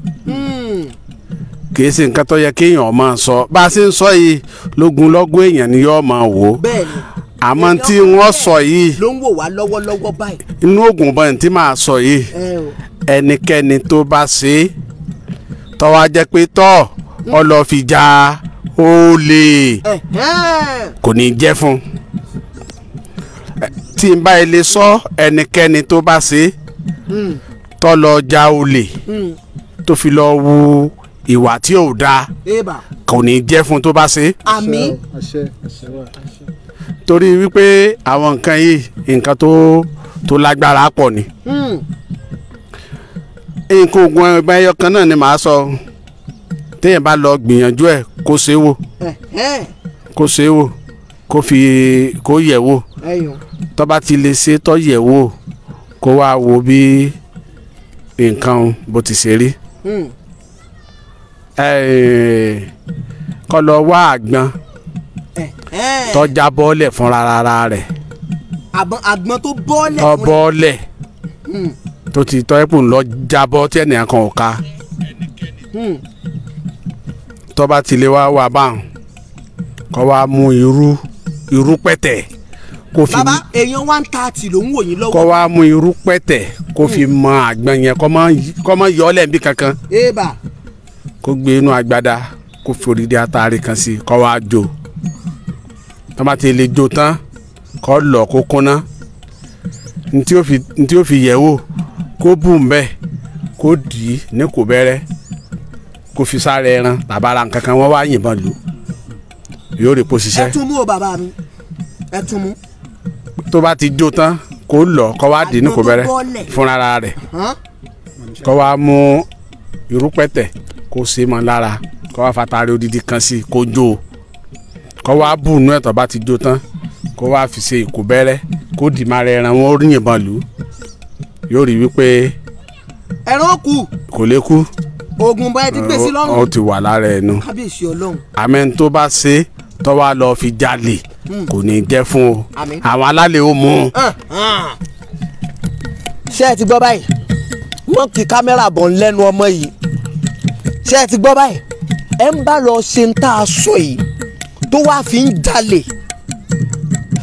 kìí ṣe nǹkan tó yẹ kéèyàn ma máa sọ bá a ṣe ń sọ yìí èèyàn ni yóò máa wò ó àmọ́ tí wọ́n sọ yìí ọlọ́fìjà olè kò ní jẹ́ fún tí n bá ilé sọ ẹnikẹ́ni tó bá ṣe tó lọ ja olè tó fi lọ wu ìwà tí ò dáa kò ní jẹ́ fún tó bá ṣe. àmín. torí wípé àwọn nǹkan yìí nǹkan tó tó lágbára pọ̀ ni. Hmm. nǹkan oògùn ẹgbẹ́ ẹyọ kan náà ni màá sọ. So téèyàn bá lọ gbìyànjú ẹ̀ kó ṣe é wò kó ṣe é wò kó fi kó yẹ̀ wò tó bá ti lè ṣe tó yẹ̀ wò kó wá wo bí nǹkan bó ti ṣe rí hmm. kó lọ wá àgbọn tó já bọ́ọ̀lẹ̀ fúnra rárá rẹ̀ àgbọn tó bọ́ọ̀lẹ̀ fúnra rẹ̀ bọ́ọ̀lẹ̀ hmm. tó ti tọ́ ẹ̀pù ńlọ jábọ́ tí ẹnìkan kan ò ká hmm tọ́ba tilẹ̀ wá wà báwọn kọ́ wa mú irú irú pẹ̀tẹ̀ kó fi baba èèyàn one thirty ló ń wò yín lọ́wọ́ kọ́ wa mú irú pẹ̀tẹ̀ kó fi hmm. mọ àgbọn yẹn kọ́ mọ yọ ọ́ kankan kó gbé inú agbada kó forí atari kan sí kọ́ wa jó tọ́ba tilẹ̀ jó tán kọ́ lọ kó kúnná ntí ó fi yẹ̀ wò kó bùn bẹ́ẹ̀ kó dì í ní kò bẹ̀rẹ̀ kó fi sáré ẹran tàbára kankan wọ́n wá yìnbọn lù yóò rè po ṣiṣẹ́. ẹ tún mú o bàbá mi ẹ tún mú. tó bá ti jó tán kó lọ kó wá dín ní kó bẹ̀rẹ̀ fúnra rẹ̀ kó wá mú irúpẹ̀tẹ̀ kó ṣe mọ́ lára kó wá fatari odidi kan sí kó jó o kó wá bù nú ẹ̀ tó bá ti jó tán kó wá fi ṣe ìkó bẹ̀rẹ̀ kó dì má rẹ̀ ẹran wọn ó yìnbọn lù yóò rí wípé. ẹran kù. kò lè kú oògùn bá ẹ ti gbèsè lọ́rùn. ó ti wà lára ẹnu kábíyèsí ọlọ́run. àmín tó bá ṣe tọ́wá lọ fi jalè hmm. kò ní jẹ́ fún o àwọn alálẹ̀ ó mú un. Ah, ah. ṣé ẹ ti gbọ́ báyìí wọ́n kí kámẹ́rà bọ̀ ń lẹ́nu ọmọ yìí ṣé ẹ ti gbọ́ báyìí ẹ ń bá lọ ṣe ń tá sọ yìí tó wá fi ń jalè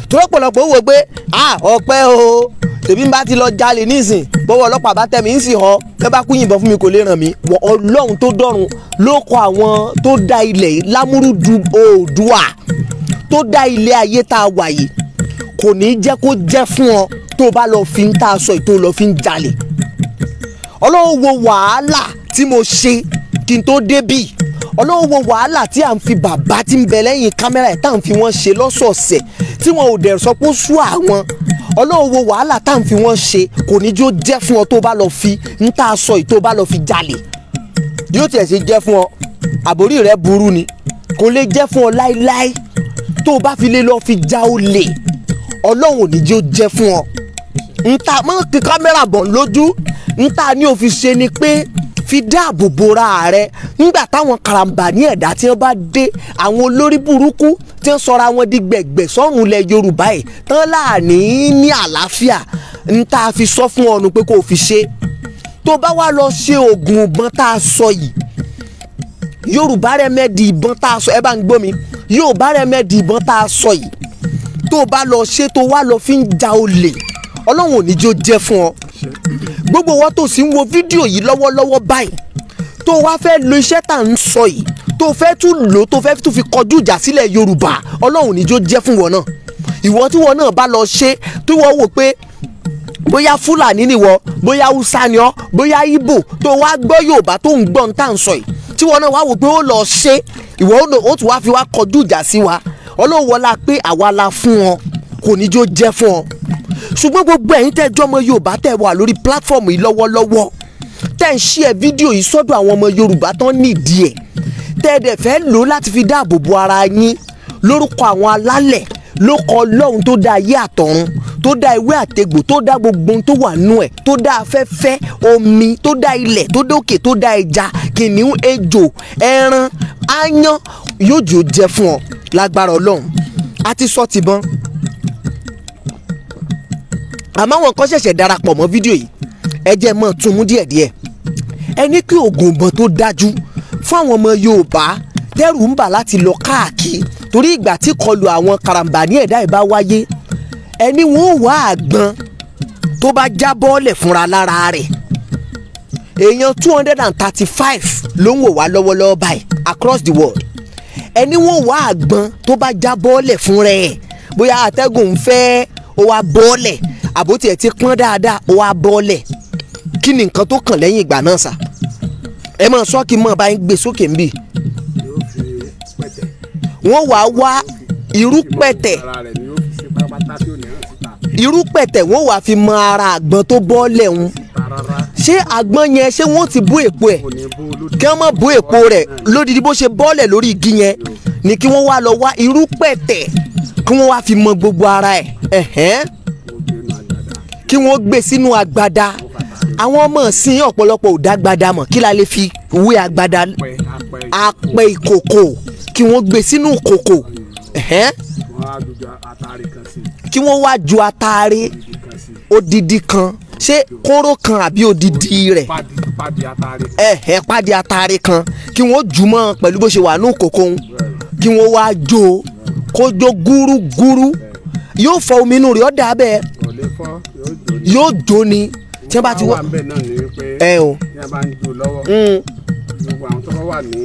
tó lọ́pọ̀lọpọ̀ wò pé ah, ọpẹ́ o tèmi bá ti lọ jalè nísìn bọ́wọ́ ọlọ́pàá bá tẹ̀mí ń họ ẹ bá kú yìnbọn fún mi kò lè ràn mí wọ ọlọ́run tó dọ̀run ló kọ àwọn tó dá ilẹ̀ lámúrúdù oòdùà tó dá ilẹ̀ ayé tá a wà yìí kò ní jẹ́ kó jẹ́ fún ọ tó bá lọ fi ń tá a sọ ìtò lọ fi ń jalè ọlọ́run wo wàhálà tí mo ṣe kí n tó débì ọlọ́run wo wàhálà tí à ń fi bàbá tí ń bẹ lẹ́yìn kámẹ́rà ẹ̀ tá à ń fi wọ́n ṣe lọ́sọ̀ọ̀sẹ̀ tí wọn ò dẹ̀ sọ pé ó sú àwọn ọlọ́run wo wàhálà tá à ń fi wọ́n ṣe kò ní jó jẹ́ fún ọ tó bá lọ fi ń tá a sọ ìtó bá lọ fi jalè yóò tiẹ̀ ṣe jẹ́ fún ọ àbórí rẹ burú ni kò lè jẹ́ fún ọ láéláé tó bá fi lè lọ fi já o lè ọlọ́run ò ní jó jẹ́ fún ọ ń ta mọ́ kí kámẹ́rà bọ̀ lójú ń ta ni ò ṣe ni pé fi dáàbò bora rẹ nígbà táwọn karambà ní ẹ̀dá tí wọ́n bá dé àwọn olórí burúkú tí wọ́n sọra wọn di gbẹ̀gbẹ̀ sọ́run ilẹ̀ yorùbá yìí tán láàní ní àlàáfíà ń tá a fi sọ fún ọ̀nù pé kò fi ṣe tó bá wá lọ ṣe oògùn ìbọn tá a sọ yìí yorùbá rẹmẹdì ìbọn tá a sọ ẹ bá ń gbọ́ mi yorùbá rẹmẹdì ìbọn tá a sọ yìí tó bá lọ ṣe tó wá lọ fi ń ja olè ọlọ́run ò ní jó jẹ́ fún ọ gbogbo wa tó sì ń wo fídíò yìí lọ́wọ́lọ́wọ́ báyìí tó wá fẹ́ lo iṣẹ́ tá à ń sọ yìí tó fẹ́ tún lò tó fẹ́ tún fi kọjú ìjà sílẹ̀ Yorùbá ọlọ́run ò ní jó jẹ́ fún wọn náà ìwọ tí wọn náà bá lọ ṣe tí wọn wò pé bóyá Fúlàní nìwọ bóyá Hausa ni ọ bóyá Ìgbò tó wá gbọ́ Yorùbá tó ń gbọ́ ń tà ń sọ yìí tí wọn náà wá wò pé ó lọ ṣe ìwọ ó tún wá fi wá kọjú ìjà sí wa ọlọ́wọ́lá pé àwa la fún ọ kò ní jó jẹ́ fún ọ ṣùgbọ́n gbogbo ẹ̀yin tẹ́ jọmọ Yorùbá tẹ́ wà lórí platform yìí lọ́wọ́lọ́wọ́ tẹ́ ń share fídíò yìí sọ́dọ̀ àwọn ọmọ Yorùbá tán nídìí ẹ̀ tẹ́ ẹ dẹ̀ fẹ́ lò láti fi dáàbò bo ara yín lórúkọ àwọn alálẹ̀ ló kọ Ọlọ́run tó dá ayé àtọ̀run tó dá ewé àtegbò tó dá gbogbo tó wà nú ẹ̀ tó dá afẹ́fẹ́ omi tó dá ilẹ̀ tó dá òkè tó dá ẹja kìnìún ejò ẹran áyán yóò jò jẹ fún ọ lágbára Ọlọ́run a ti àmọ́ àwọn kan ṣẹ̀ṣẹ̀ darapọ̀ mọ́ fídíò yìí ẹ jẹ́ mọ́ tún mú díẹ̀díẹ̀ ẹ ní kí oògùn ìbọn tó dájú fún àwọn ọmọ Yorùbá tẹ́rù ń bà láti lọ káàkiri torí ìgbà tí kọlù àwọn karambà ní ẹ̀dá ìbá wáyé ẹ ní wọn ò wá àgbọn tó bá já bọ́ọ̀lẹ̀ fúnra lára rẹ̀ èèyàn two hundred and thirty-five ló ń wò wá lọ́wọ́lọ́wọ́ báyìí across the world ẹni wọn wá àgbọn tó bá já bọ́ọ̀lẹ̀ fún rẹ̀ bóyá atẹ́gùn ń fẹ́ ó wá bọ́ọ̀lẹ̀ àbótí ẹ̀ ti pọ́n dáadáa ó wá bọ́ọ̀lẹ̀ kí ni nǹkan tó kàn lẹ́yìn ìgbà náà sà ẹ mọ̀ sọ́ọ̀kì mọ̀ bá ń gbé sókè ń bì wọ́n wá wá irú pẹ̀tẹ̀ irú pẹ̀tẹ̀ wọ́n wá fi mọ ara àgbọn tó bọ́ọ̀lẹ̀ ń ṣé àgbọn yẹn ṣé wọ́n ti bó èpo ẹ̀ kí wọ́n bó èpo rẹ̀ lódìdí bó ṣe bọ́ọ̀lẹ̀ lórí igi yẹn ni kí wọ́n wá lọ wá irú pẹ̀tẹ̀ kí wọ́n wá fi mọ gbogbo ara ẹ̀ ẹ̀hẹ́n. Eh kí wọ́n gbé sínú agbada àwọn ọmọ ìsìn ọ̀pọ̀lọpọ̀ ò dágbada mọ̀ kí la lè fi wé agbada apẹ ìkòkò kí wọ́n gbé sínú ìkòkò kí wọ́n wá ju ataare odidi kan ṣé kóró kan àbí odidi rẹ̀ ẹ̀hẹ́ pàdé ataare kan kí wọ́n jù mọ́ pẹ̀lú bó ṣe wà ní ìkòkò ń kí wọ́n wá jó kó jó gúrúgúrú yóò fọ omi inú rẹ̀ ọ́ dà bẹ́ẹ̀ lè fọ́ yóò jó ni tí wọ́n bá ti wọ́ ẹ o mm. gbogbo àwọn tó bá wà ní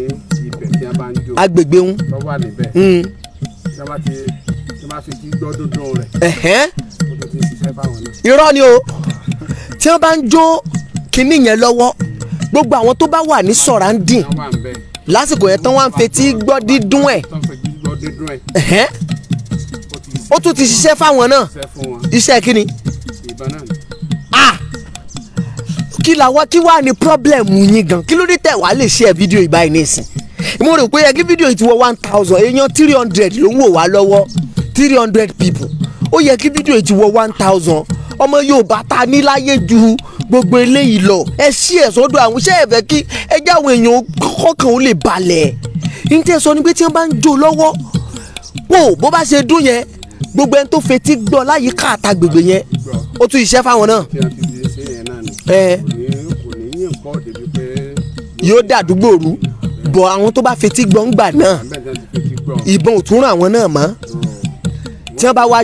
ibẹ̀ tí a bá ń jó agbègbè ń tó wà níbẹ̀ mm. tí a bá ti tí a bá fi jí gbọ́ dúdú rẹ̀ irọ́ ni o tí wọ́n bá ń jó kinní yẹn lọ́wọ́ gbogbo àwọn tó bá wà ní sọ̀ràǹdìn lásìkò yẹn tán wá ń fetí gbọ́ dídún ẹ̀ ó tún ti ṣiṣẹ́ fáwọn náà iṣẹ́ kí ni kí la kí wá ní problem yín gan kí ló dé tẹ̀ wá lè share fídíò ìbáyìí nísìn mo rò pé ẹgbẹ́ fídíò ti wọ one thousand èèyàn three hundred ló ń wò wá lọ́wọ́ three hundred people ó yẹ kí fídíò ti wọ one thousand ọmọ Yorùbá ta ní láyé ju gbogbo eléyìí lọ ẹ sí ẹ sọ́dọ̀ àwọn iṣẹ́ ẹ̀fẹ́ kí ẹjẹ́ àwọn èèyàn kọkàn ó lè balẹ̀ ní tẹ́ sọ ni pé tí wọ́n bá ń jó lọ́wọ́ wò bó bá ṣe dún yẹn gbogbo ẹni tó fetí gbọ́ láyìíká àtàgbègbè yẹn ó tún iṣẹ́ fáwọn náà. yóò dàdúgbò rú bọ̀ àwọn tó bá fetí gbọ́ ń gbà náà ìbọn ò tún ràn àwọn náà mọ́ tí wọ́n bá wá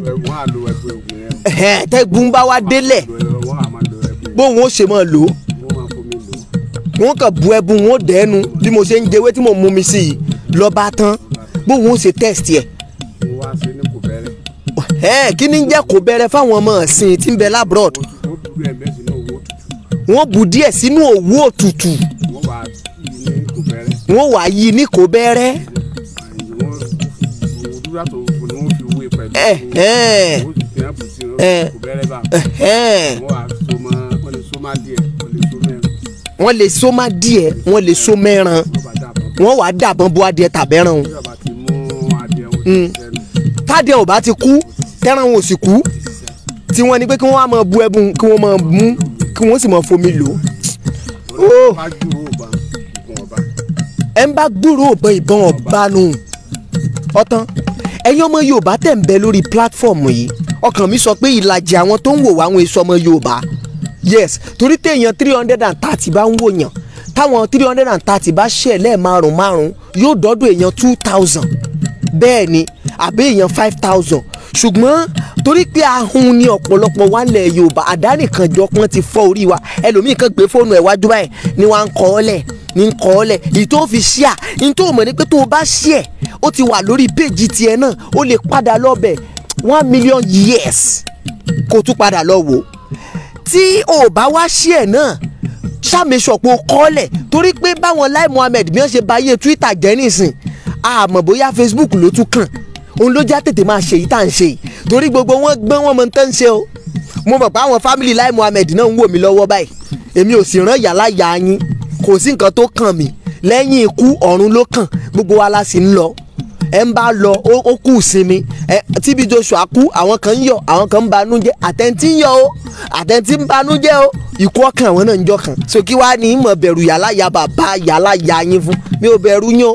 tẹ́gun bá wá délẹ̀ bóun ó ṣe máa lò ó wọ́n kàn bu ẹbu wọn dẹ́nu bí mo ṣe ń jẹ́wé tí mo mú mi sí i lọ́ba tán bóun ó ṣe test yẹ̀ kí ni ń jẹ́ kó bẹ̀rẹ̀ fáwọn ọmọ ọ̀sìn tí ń bẹ labroad wọ́n bù díẹ̀ sínú òwú òtútù wọ́n wà yí ní kò bẹ̀rẹ̀ wọ́n lè so má díẹ̀ wọ́n lè so mẹ́ran wọ́n wà á dàbọn adìẹ tàbẹ́ràn o hmm. tádìẹ ò ti kú tẹ́ran wọn ò sì kú tí wọ́n ní pé kí wọ́n á máa bu ẹbùn kí wọ́n máa mú kí wọ́n sì máa fomi lò ẹ ń bá gbúrò ọ̀bọ ìbọn ọ̀bá nù ọ̀tán ẹ̀yin ọmọ Yorùbá tẹ̀ ń bẹ lórí pílátífọ̀mù yìí ọkàn mi sọ pé ìlàjì àwọn tó ń wò wá àwọn èso ọmọ Yorùbá yes torí téèyàn three hundred and thirty bá ń wòyàn táwọn three hundred and thirty bá ṣẹ̀ lẹ́ẹ̀márùn-márùn yóò dọ́dọ̀ èèyàn two thousand bẹ́ẹ̀ ni àbí èèyàn five thousand ṣùgbọ́n torí pé ahun ni ọ̀pọ̀lọpọ̀ wa lẹ̀ Yorùbá àdánìkanjọpọ̀n ti fọ́ orí wa ẹlòmíì kan gbé fóònù ẹ̀ wájú báyìí ni wọ́n á ń kọ́ ọ lẹ̀ ní ń kọ́ ọ lẹ̀ èyí tó fi ṣíà èyí tó mọ̀ ní pé tó o bá ṣíẹ̀ ó ti wà lórí péjì tiẹ̀ náà ó lè padà lọ one million years kó tún padà lọ wò tí o bá wá ṣíẹ̀ náà ṣàmìṣọ̀pọ̀ kọ́lẹ̀ torí pé báwọn Lai Mohammed bí wọ́n ṣe báyé Twitter jẹ́ nísìn àmọ́ bóyá Facebook ló tún kàn òun ló já tètè máa ṣe èyí tá à ń ṣe yìí torí gbogbo wọn gbọ́n wọn mọ tẹ́ ń ṣe o mo mọ̀ pé àwọn fámìlì Lai Muhammed náà ń wò mí lọ́wọ́ báyìí èmi ò sì rán yàrá yà yín kò sí nǹkan tó kàn mí lẹ́yìn ikú ọ̀run ló kàn gbogbo wa la sì ń lọ ẹ ń bá lọ ó kù sinmi ẹ tíbi Joshua kú àwọn kan ń yọ àwọn kan ń banújẹ́ àtẹ̀ntì ń yọ o àtẹ̀ntì ń banújẹ́ o ikú ọkàn àwọn náà ń jọ kàn so kí wàá ní ìmọ̀ bẹ̀rù yàrá yà bàbá yàrá yà yín fún mi ò bẹ̀rù yín o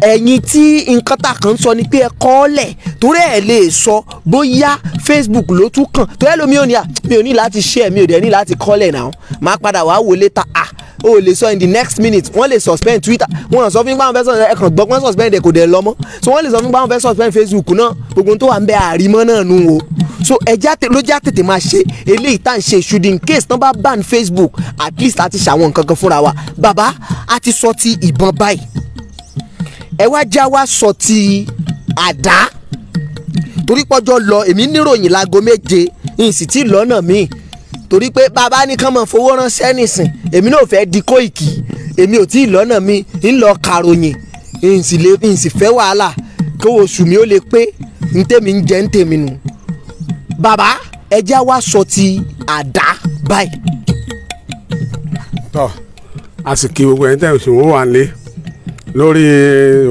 ẹ̀yin tí nǹkan tá a kàn ń sọ ni pé ẹ kọ́ ọ́ lẹ̀ torí ẹ̀ lè sọ bóyá Facebook ló tún kàn torí ẹ̀ lómi ò ní à ah, mi ò ní láti share mi ò dẹ̀ ní láti kọ́ ọ́ lẹ̀ náà máa padà wàá wò later ah o lè sọ in the next minute wọ́n lè suspend Twitter wọ́n sọ fún mi pé àwọn fẹ́ suspend ẹ̀kan gbọ́ pé suspend ẹ̀ kò dẹ̀ lọ mọ́ so wọ́n lè sọ fún mi fẹ́ suspend Facebook náà gbogbo tó wà ń bẹ àrímọ́ náà nù o so ẹja ló já tètè máa ṣe eléyìí tá à ń ṣe should in case tán bá ban Facebook at least àti ṣàwọn nǹkan kan fúnra wa bàbá a ti sọ ti ìbọn báyìí ẹ wá já wá sọ ti àdá torí pọ́jọ́ lọ èmi níròyìn láago méje n sì ti lọ́nà míì torí pé bàbá ní kàn máa fowó ránṣẹ́ nìsín èmi náà fẹ́ di kóìkì èmi ò tí ì lọ́nà mi ń lọ kàròyìn n sì lè n sì fẹ́ wàhálà kó oṣù mi ó lè pé n tèmi ń jẹ́ n tèmi nù. bàbá ẹja wa sọ ti àdá báyìí. tọ́ àsìkò ìwé ẹni tẹ́ ò wọ́n wà lé lórí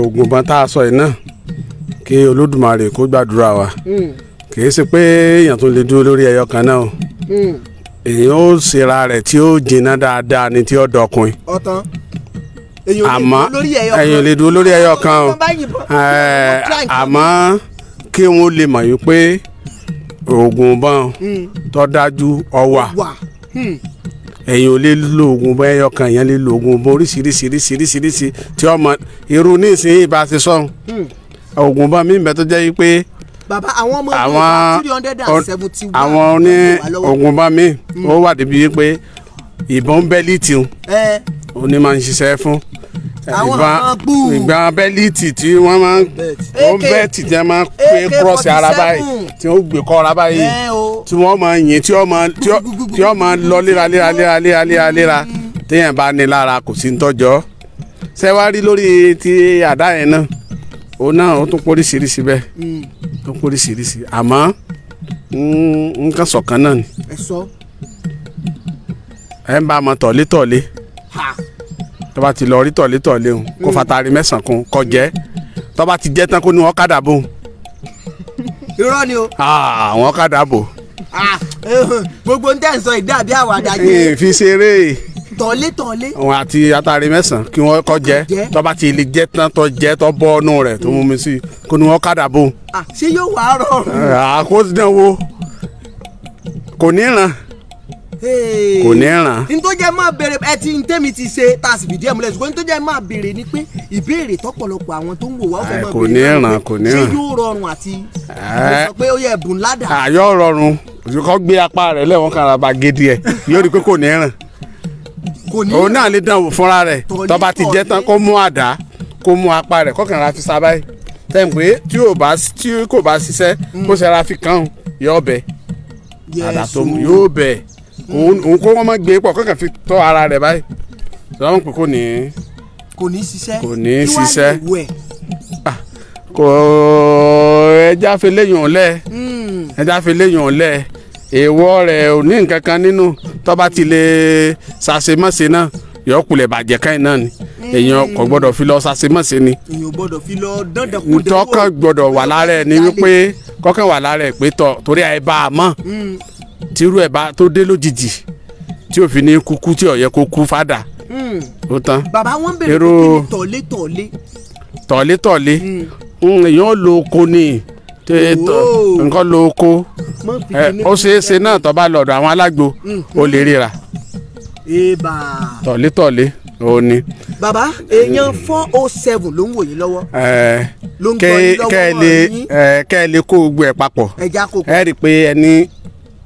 oògùn bọ́n tá a sọ yìí náà kí olódùmarè kó gbàdúrà wa hmm. kì í ṣe pé èèyàn tó lè dúró lórí ẹyọ kan náà o hmm. èyàn ó ṣera rẹ̀ tí ó jìnnà dáadáa ni tí ó dọkùn. ọ̀tán àmọ́ èyàn lè dúró lórí ẹyọ kan o àmọ́ kí wọ́n lè mọ̀ yìí pé oògùn bọ́n hmm. tó dájú ó ẹ̀yin ò lè lo oògùn bọ́ ẹyọ kan èèyàn lo oògùn bọ́ oríṣiríṣiríṣiríṣi tí ọmọ irú ní ìsinyìí bá ti sọ̀rọ̀ hmm. oògùn bọ́ mi bẹ tó jẹ́ pé àwọn àwọn ní oògùn bọ́ mi ó hmm. wà débi pé ìbọn bẹ́lí tiun ó ní máa ń ṣiṣẹ́ fún àwọn gbù. ìgbà bẹ́líìtì tí wọ́n máa ń wọ́n bẹ́ẹ̀tì tí wọ́n máa ń pé kírọ́ọ̀sì ara báyìí tí wọ́n gbé kọ́ ara báyìí tí wọ́n máa yìn tí wọ́n máa lọ léraléra léraléra léraléra mm. téèyàn bá ní lára kò sí ntọ́jọ́ sẹ́wárí lórí ti àdá yẹn náà òun náà ó tún póríṣiríṣi bẹ́ẹ̀ tó mm. póríṣiríṣi àmọ́ mm, nǹkan sọ̀kan náà ni ẹ ń bá a mọ tọ̀létọ̀lé tó bá ti lọ rí tọ̀létọ̀lé o kó mm. fatari mẹ́sàn-án kun kó jẹ́ tó bá ti jẹ́ tán kó ní wọn kádà bò. irọ́ ni o. Ah, àwọn kádà bò. Ah, gbogbo ń tẹ̀sán ìdí àbí àwàdà jẹ́. Eh, fi ṣeré. tọ̀létọ̀lé. wọn àti atari mẹ́sàn-án kí wọ́n kó jẹ́ tó ti lè jẹ́ tán tó jẹ́ tó bọ́ ọ̀nù rẹ̀ tó mú mi sí kó ní wọn bò. Ah, ṣé yóò wá rọrùn. àkóso náà wo kò ní ràn kò ní ràn. n tó jẹ́ máa béèrè ẹ ti n tẹ́mi ti ṣe tá a sì fìdí ẹ̀ múlẹ̀ ṣùgbọ́n n tó jẹ́ máa béèrè ni pé ìbéèrè tọ́pọ̀lọpọ̀ àwọn tó ń wò wá ọkọ̀ máa béèrè náà kò ní ràn ṣé yóò rọrùn àti sọ pé ó yẹ ẹ̀bùn ládàá. àyọ rọrùn kò gbé apá rẹ̀ lẹ́wọ̀n kan araba gidi ẹ̀ yóò rí i pé kò ní ràn. kò ní ràn òun náà lè dán wò fúnra rẹ̀ tó ti jẹ́ tán kó mú àdá kó mú apá rẹ̀ kọ́kàn ra fi sábàá tẹ̀ pé tí kò bá ṣiṣẹ́ mm. kó òun kó wọn má gbé pọ̀ kọ́kàn fi tọ́ ara rẹ̀ báyìí lọ́wọ́n pé kò ní. kò ní ṣiṣẹ́ kò ní ṣiṣẹ́ ah, kò ẹja fi léyìn ọ̀lẹ́ hmm. ẹja fi léyìn ọ̀lẹ́ èèwọ̀ rẹ̀ ò ní nǹkan kan nínú tó bá ti lè ṣàṣemọ́ṣe náà yọ kulẹ̀ bàjẹ́ káyìn náà ni hmm. èèyàn kò gbọ́dọ̀ fi lọ sàṣemọ́ṣe ni. èèyàn gbọ́dọ̀ fi lọ dandan kó dẹ́wọ́. ntọ́kàn gbọ́dọ̀ wà lára ẹ̀ ni wípé kọ́kàn wà lára ẹ̀ pé tọ̀ torí àìbá a mọ̀ hmm tírú ẹ̀ bá tó dé lójijì tí ò fi ní kúkú tí ò yẹ kó kú fada hmm. ó tán. bàbá wọn bèrè pé tọ̀lé tọ̀lé. tọ̀lé tọ̀lé hmm. hmm, èèyàn lo oko ni nǹkan lo oko ó ṣeé ṣe náà tó bá lọ́dọ̀ àwọn alágbo ó lè ríra tọ̀lé tọ̀lé ó ní. bàbá èèyàn four oh seven ló ń wò yín lọ́wọ́. ló ń gbọ́ yín lọ́wọ́ yín. kẹ́ ẹ lè kó gbogbo ẹ̀ papọ̀ ẹ rí i pé ẹni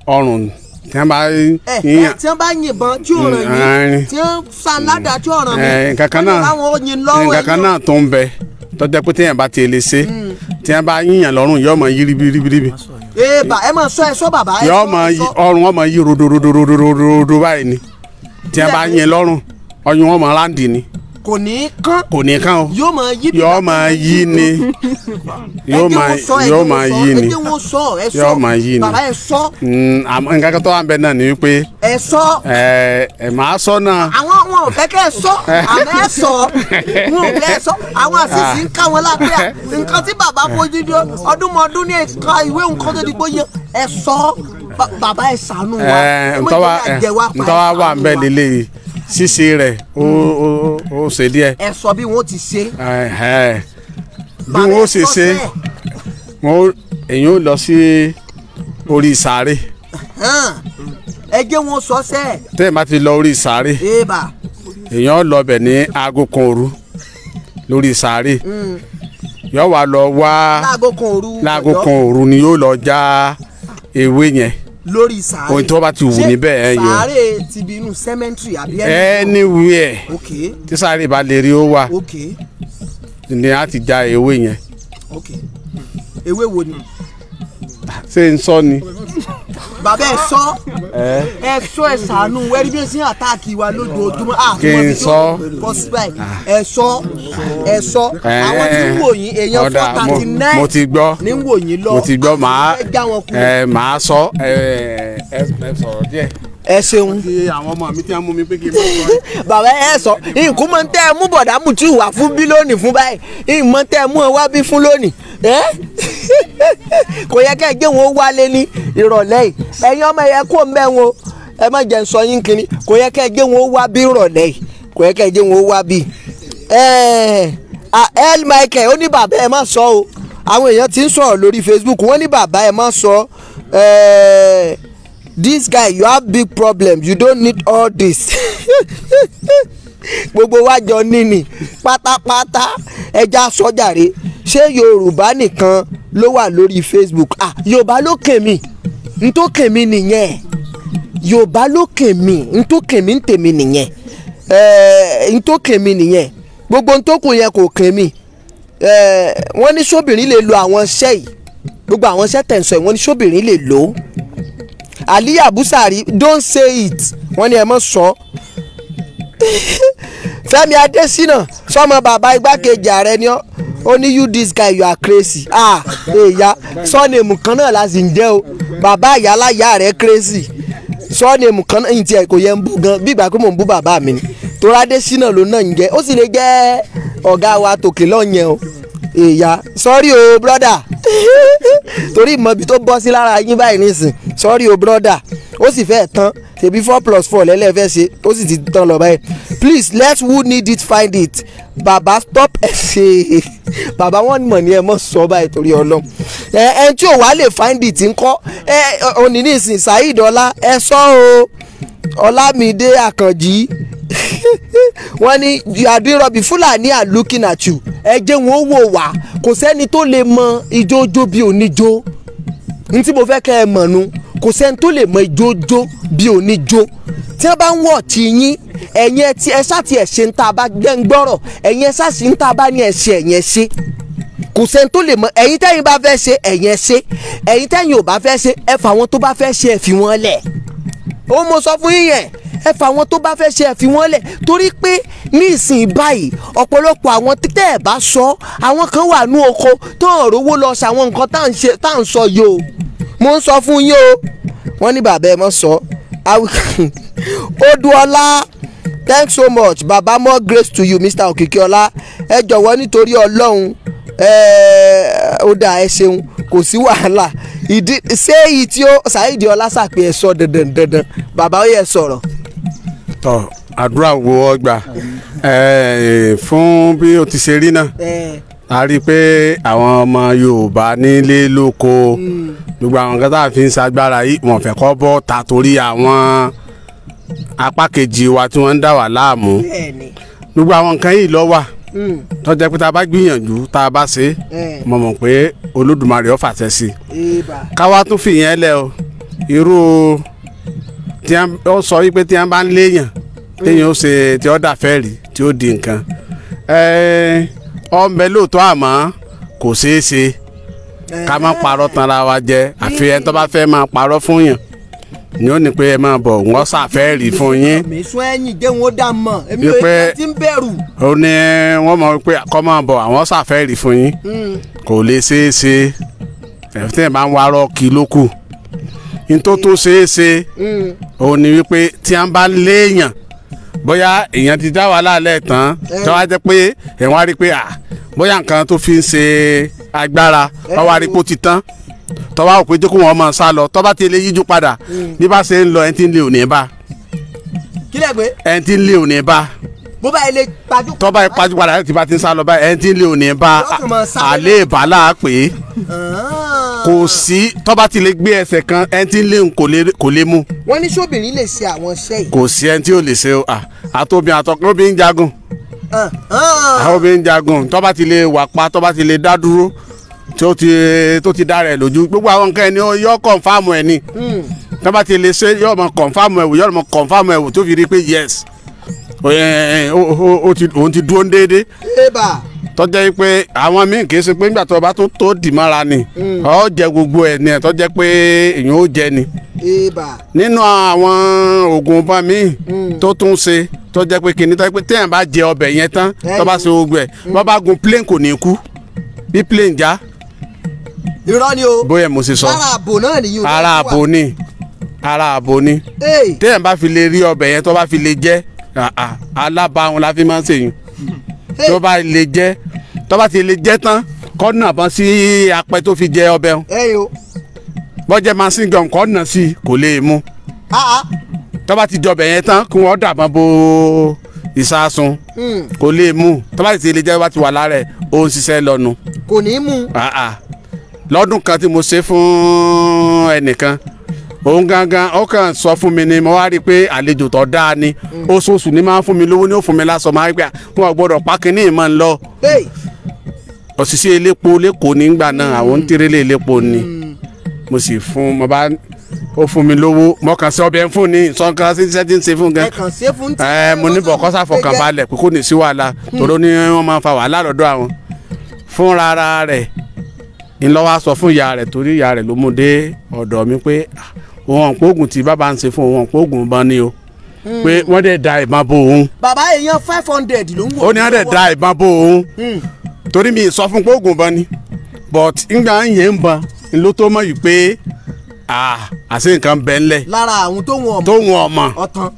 ọrùn tí wọ́n bá eh, eh, yíyan. tí wọ́n bá yìnbọn tí ò ràn mm, yín tí wọ́n san ládàá tí ò ràn mí. kankan náà kankan náà tó ń bẹ tọ́jà pé téèyàn bá tiẹ̀ lè ṣe mm. tí wọ́n bá yíyan lọ́rùn yóò mọ yí ribiribi. ee eh, ẹ mọ sọ ẹ sọ bàbá ẹ sọ. yóò mọ ọrùn wọn mọ yí rodo báyìí ni tí bá yín lọ́rùn kò ní kán. kò ní kán o yóò máa yí bí yóò máa yí ni yóò máa yóò máa yí ni ẹjẹ wọn sọ ẹ sọ yóò máa yí ni bàbá ẹ sọ. Mm, nǹkan kan tó wà ń bẹ náà ni wípé. ẹ sọ. ẹ ẹ máa sọ náà. àwọn wọn ò kẹ́ ẹ sọ àmọ́ ẹ sọ wọn ò ẹ sọ àwọn àṣìṣe ń ká wọn lápẹ́ nǹkan tí bàbá fojú di ọdúnmọ́ọdún ní ẹ̀ka ìwé nǹkan tó di gbóyè ẹ sọ bàbá ẹ ṣàánú wa. ẹ ntọ́wá ntọ́wá wà ń bẹ lélẹ́yìí ṣíṣe rẹ̀ ó o o ṣe díẹ̀. ẹ sọ bí wọn ti ṣe. bí wọn ó ṣe ṣe wọn èyàn ó lọ sí orí sáré. ẹ jẹ́ wọn sọ sẹ́. tẹ́ ẹ má ti lọ orí sáré. èyàn ó lọ bẹ̀ ní aago kan òru lórí sáré hmm. yóò wá lọ wá láago kan òru ni yóò lọ já ewé yẹn lórí sàárè òyìn tó bá ti wù níbẹ̀ ẹ yọ sàárè ti bi inú cemetery àbí ẹni. anywhere tí sàárè bá lè rí ó wà ni a ti ja ewé yẹn. ewé wo ni. ṣé n sọ ni. bàbá ẹ sọ ẹ sọ ẹ sànú wẹ́rí bí ẹ sì ń àtáàkì wa lójoojúmọ́ kì í sọ ẹ sọ ẹ sọ àwọn tí ń wò yín èèyàn four thirty nine mo ti gbọ́ ní wò yín lọ mo ti gbọ́ màá sọ ẹ sọ̀rọ̀ díẹ̀ ẹ ṣeun. bàbá ẹ sọ nǹkan mọ tẹ ẹ mú bọ̀dá mùtú fún bí lónìí fún báyìí nǹkan mọ tẹ mú ẹ wá bí fún lónìí kò yẹ kẹ́ ẹ gé wọn wálé ní ìrọ̀lẹ́ yìí ẹ̀yin ọmọ yẹ kó mbẹ́ wọn ẹ má jẹ́ sọ yín kiri kò yẹ kẹ́ ẹ gé wọn wá bí ìrọ̀lẹ́ yìí kò yẹ kẹ́ ẹ gé wọn wá bí. el michael ó ní bàbá ẹ má sọ o àwọn èèyàn ti ń sọ̀rọ̀ lórí facebook wọ́n ní bàbá ẹ má sọ ẹ́ẹ́ this guy you have big problem you don't need all this gbogbo wa jọ níní pátápátá ẹja sọjàre ṣé yorùbá nìkan ló wà lórí facebook ah yorùbá ló kàn mí n tó kàn mí nìyẹn yorùbá ló kàn mí n tó kàn mí ń tèmi nìyẹn eh, n tó kàn mí nìyẹn gbogbo n tó kù yẹn kò kàn mí eh, wọ́n ní sóbìnrin lè lo àwọn iṣẹ́ yìí gbogbo àwọn iṣẹ́ tẹ̀ yìí wọ́n ní sóbìnrin lè lò ó Ali Abusari don't say it wọ́n ní ẹ mọ̀ sọ. Fẹ́mi Adésínà sọmọ bàbá igbákejì ààrẹ ni ọ́ ó ní you this guy you are crazy ah èyà sọ́ọ̀nìmù kan náà la sì ń jẹ́ o bàbá ìyáláyà rẹ̀ crazy sọ́ọ̀nìmù kan náà ìtì ẹ̀ kò yẹ ń bú gan bí ìgbà pé mò ń bú bàbá mi ni torádésínà ló náà ń jẹ́ ó sì lè jẹ́ ọ̀gá wa tòkè lọ́ọ̀yẹn o ìyá sọ́rí o brọ́dà torí ìmọ̀bi tó bọ́ sí lára yín báyìí nísìn sọ́rí o brọ́dà ó sì fẹ́ tán tèbí four plus four lẹ́lẹ́fẹ́ ṣe ó sì ti tán lọ báyìí please let who need it find it baba stop ẹ ṣe baba wọn mọ̀ ní ẹ mọ̀ sọ báyìí torí ọlọ́run ẹ ẹ tí ò wá lè find it ńkọ́ ẹ òní nísìn Saheed Ọlá ẹ sọ o Ọlámídé Àkànjí wọ́n ní àdírọ́bì fúlàní are looking at you ẹ jẹ́ wọn wò wá kò sẹ́ni tó lè mọ ijójó bí oníjó n tí mo fẹ́ kẹ́ ẹ mọ̀ nu kò sẹ́ni tó lè mọ ijójó bí oníjó tí wọ́n bá ń wọ̀ tí yín ẹ̀yin ẹ ti ẹ ṣáàtì ẹ̀ ṣe ń tá a bá gbẹ́ ń gbọ́rọ̀ ẹ̀yin ẹ ṣáàtì ń tá a bá ní ẹ̀ ṣe ẹ̀yin ẹ ṣe kò sẹ́ni tó lè mọ ẹ̀yin tẹ́yin bá fẹ́ ṣe ẹ̀yin ẹ ṣe ẹ̀yin ò bá fẹ́ ṣe ẹ wọn tó bá fẹ́ ṣe ẹ wọn lẹ̀ ó mo sọ fún yín ẹ fà wọn tó bá fẹ́ ṣe ẹ fi lẹ̀ torí pé ní ìsìn báyìí ọ̀pọ̀lọpọ̀ àwọn títẹ́ ẹ̀ bá sọ àwọn kan wà nú oko tó ń rówó lọ ṣàwọn nǹkan tá à ń sọ yìí o mo ń sọ fún yín o wọ́n ní bàbá ẹ mọ̀ sọ Odùọlá thanks so much baba more grace to you mr okikiola ẹ jọ̀wọ́ nítorí ọlọ́run ó dà ẹ ṣeun kò sí wàhálà ìdí ṣé èyí tí ó ṣáà ìdí ọlá sọ dandan dandan bàbá ó yẹ sọ̀rọ̀ tọ àdúrà wo ọgbà fún bí o ti ṣe rí náà a rí i pé àwọn ọmọ Yorùbá nílé lóko hmm. gbogbo àwọn kan tá a fi ń ṣagbára yìí wọn fẹ́ kọ́ bọ́ ta torí àwọn apá kejì wa tí wọ́n ń dà wá láàmú gbogbo àwọn nǹkan yìí ló wà hmm. tó pé tá a bá gbìyànjú tá a bá ṣe mọ̀ mọ̀ pé Olódùmarè ó fàṣẹ sí i káwá tún fìyẹn lẹ o irú tí ó sọ wípé tí wọ́n bá ń léèyàn téèyàn ó ṣe tí ó dà fẹ́ rí tí ó di nǹkan ọmọ lóòótọ́ àmọ́ kò ṣeé ṣe ká má parọ́ tanra wa jẹ àfi ẹni tó bá fẹ́ máa parọ́ fún yàn ni ó ní pé ẹ máa bọ̀ wọ́n ṣàfẹ́ fún yín. mi sún ẹyin jẹ́ wọn dà mọ̀ èmi ò yẹ ti ń bẹ̀rù. ó ní wọ́n mọ̀ pé kọ́ máa bọ̀ àwọn ṣàfẹ́ fún yín hmm. kò lè ṣeé ṣe ẹ̀fíntẹ́ bá ń wá rọ́ọ̀kì lókù ntó tún ṣeé ṣe òun ni wípé tí a bá léèyàn bóyá èèyàn ti dá wàhálà lẹ̀ tán tó wá jẹ́ pé ẹ̀wọ̀n á rí pé bóyá nǹkan tó fi ń ṣe agbára wọ́n wá rí pé ó ti tán tó wá òpin jókòó wọn máa sá lọ tó bá ti lè yíjú padà mm. bí bá ṣe ń lọ ẹni tí ń lé òní bá. kí lè gbé. ẹni tí ń lé òní bá. bó bá yẹ pajú. tó bá yẹ pajú padà ẹni tí bá ti ń sá lọ báyìí ẹni tí ń lé òní bá kò sí tọ́ba ti lè gbé ẹsẹ̀ kan ẹni tí ń léhùn kò lè mú. wọ́n ní sóbìnrin lè ṣe àwọn iṣẹ́ yìí. kò sí ẹni tí ò lè ṣe o àtòbìn àtọkùnrin bí ń jagun. àwọn obìnrin ń jagun tọ́ba ti lè wà pa tọ́ba ti lè dá dúró tó ti dára ẹ̀ lójú gbogbo àwọn nǹkan ẹni yọ kọ̀ǹfàmù ẹ̀ ni hmm. tọ́ba ti lè ṣe yọ ọmọ kọ̀ǹfàmù ẹ̀ wò yọ ọmọ kọ̀ǹfàmù ẹ̀ wò tó fi rí pé yes òun ti dúró déédéé tọ́jẹ́ pé àwọn míì kì í ṣe pé nígbà tó o bá tún tó dìmọ́ra ni ọ mm. jẹ gbogbo ẹ̀ ni ẹ̀ tọ́jẹ́ pé èèyàn ó jẹ ni. nínú àwọn oògùn ọba míì mm. tó tún ṣe tọ́jẹ́ pé kìíní tọ́jẹ́ pé téèyàn bá jẹ ọbẹ̀ yẹn tán tó bá ṣe gbogbo ẹ̀ bọ́ bá gun plane kò ní kú bí plane já. irọ́ ni o bóyá mo ṣe sọ ara àbò náà nìyí o ara àbò ni ara àbò ni téèyàn bá fi lè rí ọbẹ̀ yẹn tó bá fi lè jẹ alábàáhùn la fi máa ń ṣèyún tó bá lè jẹ́ tó bá ti lè jẹ́ tán kọ́ nà bọ́n sí apẹ tó fi jẹ ọbẹ̀ wọn. bọ́jẹ́ machine gun kọ́ nà sí kò lè mú. Ah, ah. tó bá ti jọbẹ̀ yẹn tán kí wọ́n dàbọ̀n bo ìsásùn hmm. kò lè mú tó bá ti lè jẹ́ bá ti wà lára ẹ̀ ó ń ṣiṣẹ́ lọ́nu. kò ní í mú. Ah, lọ́dún kan tí mo ṣe fún ẹnìkan òun gangan o sọ fún mi ni mo wá rí i pé àlejò ni mm. oṣooṣù ni máa ń fún mi lówó ní òfun mi lásán máa ń gbà fún ọgbọ́dọ̀ pákínní ìmọ̀ ń lọ òṣìṣẹ́ elépo lẹ́kọ̀ọ́ nígbà náà mm. ni mm. mo sì fún mo bá ó fún mi lówó mo kan ṣẹ́ tí ń ṣe fún gan. ẹ mo ní bọ̀ ni wọ́n máa fa wàhálà lọ́dọ̀ àwọn fúnra rẹ̀ sọ fún ìyá rẹ̀ torí ìyá rẹ̀ ló mú dé ọ̀dọ̀ mi pé òun ọ̀pọ̀ tí bàbá ń ṣe fún òun ọ̀pọ̀ bá ní o hmm. pé wọ́n dẹ̀ da ìbọn bo òun. bàbá èèyàn five hundred ló ń wò. ó ní wọ́n dẹ̀ da ìbọn bo òun hmm. torí mi sọ fún pé bá ní but ngbà yẹn ń bọ ló tó mọ̀ yìí pé àṣé nǹkan bẹ́ ńlẹ̀. lára àwọn tó wọn ọmọ tó wọn ọmọ ọtán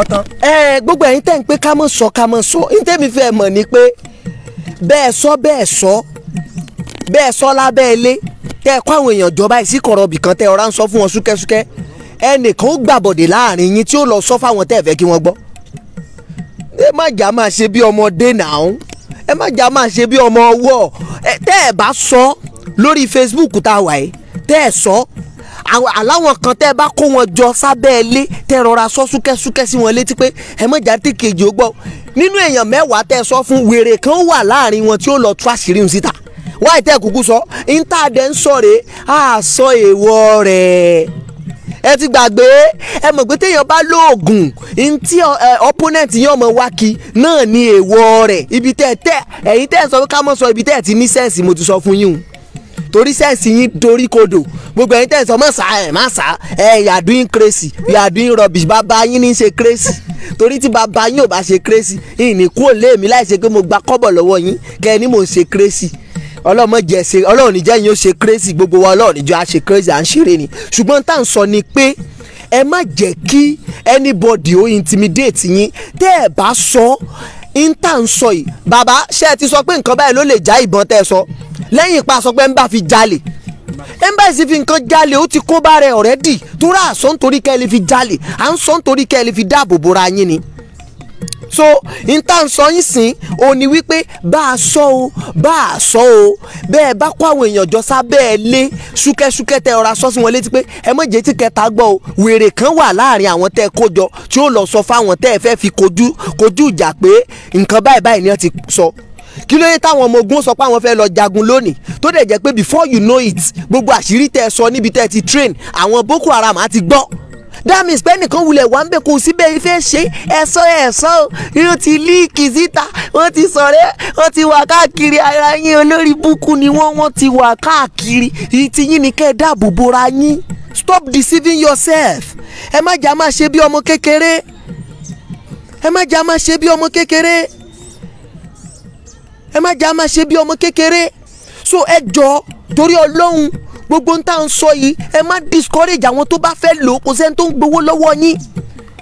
ọtán. ẹ gbogbo ẹ̀yin tẹ́ ń pé ká mọ̀ sọ ká mọ̀ sọ ní tèmi fẹ́ mọ̀ ni pé bẹ́ẹ̀ sọ bẹ́ẹ̀ sọ bẹ́ẹ̀ sọ lábẹ́ ilé tẹ́ ẹ kó àwọn èèyàn jọba ẹ̀ sí kọ̀rọ̀bì kan tẹ́ ọ̀rá ń sọ fún wọn súkẹ́súkẹ́ ẹnìkan ó gbàbọ̀dè láàrin yín tí ó lọ sọ fáwọn tẹ́ ẹ fẹ́ kí wọ́n gbọ́. ẹ má jà máa ṣe bí ọmọdé náà ẹ má jà máa ṣe bí ọmọ ọwọ́ tẹ́ ẹ bá sọ lórí Facebook tá a wà yìí tẹ́ ẹ sọ aláwọn kan tẹ́ ẹ bá kó wọn jọ sábẹ́ ilé tẹ́ ẹ rọra sọ súkẹ́súkẹ́ sí wọn létí pé ẹ má jà tí kejì ó gbọ́ nínú èèyàn mẹ́wàá tẹ́ ẹ sọ fún wèrè kan wà láàrin wọn tí ó lọ tú àṣírí ń síta wáyé tẹ́ kúkú sọ ntàdé ń sọ rè á sọ èèwọ̀ rẹ̀ ẹ ti gbàgbé ẹ mọ̀ pé téèyàn bá lóògùn ntí opponent yẹn ọmọ wá kí náà ni èèwọ̀ rẹ̀ ibi tẹ́ tẹ́ ẹ̀yin tẹ́ sọ pé ká mọ̀ sọ ibi tẹ́ ti ní sẹ́ẹ̀sì mo ti sọ fún yín torí sẹ́ẹ̀sì yín dorí kodò gbogbo ẹ̀yin tẹ́ sọ mọ̀ sá ẹ̀ má sá ẹ̀ yàdú yín kírésì yàdú yín rọbì bàbá yín ní í ṣe kírésì torí tí bàbá yín ò bá ṣe kírésì yìí ní kúrò lé mi láì ṣe pé mo gba kọ́bọ̀ lọ́wọ́ yín kẹ́ ẹ ní mò ń ṣe kírésì ọlọ́mọ jẹ́ ṣe ọlọ́run níjẹ́ yín ó ṣe crazy gbogbo wa ọlọ́run níjọ́ á ṣe crazy à ń ṣeré ni ṣùgbọ́n tá à ń sọ ni pé ẹ má jẹ́ kí anybody ó intimidate yín tẹ́ ẹ bá sọ ń tà ń sọ yìí bàbá ṣé ẹ ti sọ pé nǹkan báyìí ló lè já ìbọn tẹ́ ẹ sọ lẹ́yìn ipa sọ pé ń bá fi jalè ẹnbàṣì fi nǹkan jalè ó ti kó bá rẹ ọ̀rẹ́dì tó rà sọ kẹ́ ẹ lè fi jalè à ń sọ kẹ́ ẹ lè fi dáàbò bora yín ni so n tá à ń sọ yín sìn ó ní wípé bá a sọ o bá a sọ o bẹ́ẹ̀ bá kó àwọn èèyàn jọ sábẹ́ ẹ lé ṣúkẹ́ṣúkẹ́ tẹ ọ̀rá sọ sí wọn létí pé ẹ mọ̀ jẹ́ tí kẹta gbọ́ o wèrè kan wà láàrin àwọn tẹ́ kó jọ tí ó lọ sọ fáwọn tẹ́ ẹ fẹ́ fi kojú kojú ìjà pé nǹkan báyìí báyìí ni wọ́n ti sọ kí ló dé táwọn ọmọ ogun sọ pé àwọn fẹ́ lọ jagun lónìí tó dẹ̀ jẹ́ pé before you know it gbogbo àṣírí tẹ́ ẹ sọ níbi tẹ́ ẹ ti train àwọn Boko Haram á ti gbọ́ that means pé wulẹ̀ wà ń bẹ̀ kó síbẹ̀ ife ṣe ẹ̀sọ́ ẹ̀sọ́ o ti líìkì síta wọ́n ti sọ̀rẹ́ wọ́n ti wà káàkiri ara yín olórí búkú ni wọ́n wọ́n ti wà káàkiri ìtì yín ni kẹ́ ẹ dáàbò bora yín stop deceiving yourself ẹ má jà má ṣe bí ọmọ kékeré ẹ má jà má ṣe bí ọmọ kékeré ẹ má jà má ṣe bí ọmọ kékeré so ẹ jọ torí ọlọ́run gbogbo ń tà ń sọ yìí ẹ má discourage àwọn tó bá fẹ́ lò ó kò sẹ́ni tó ń gbowó lọ́wọ́ yín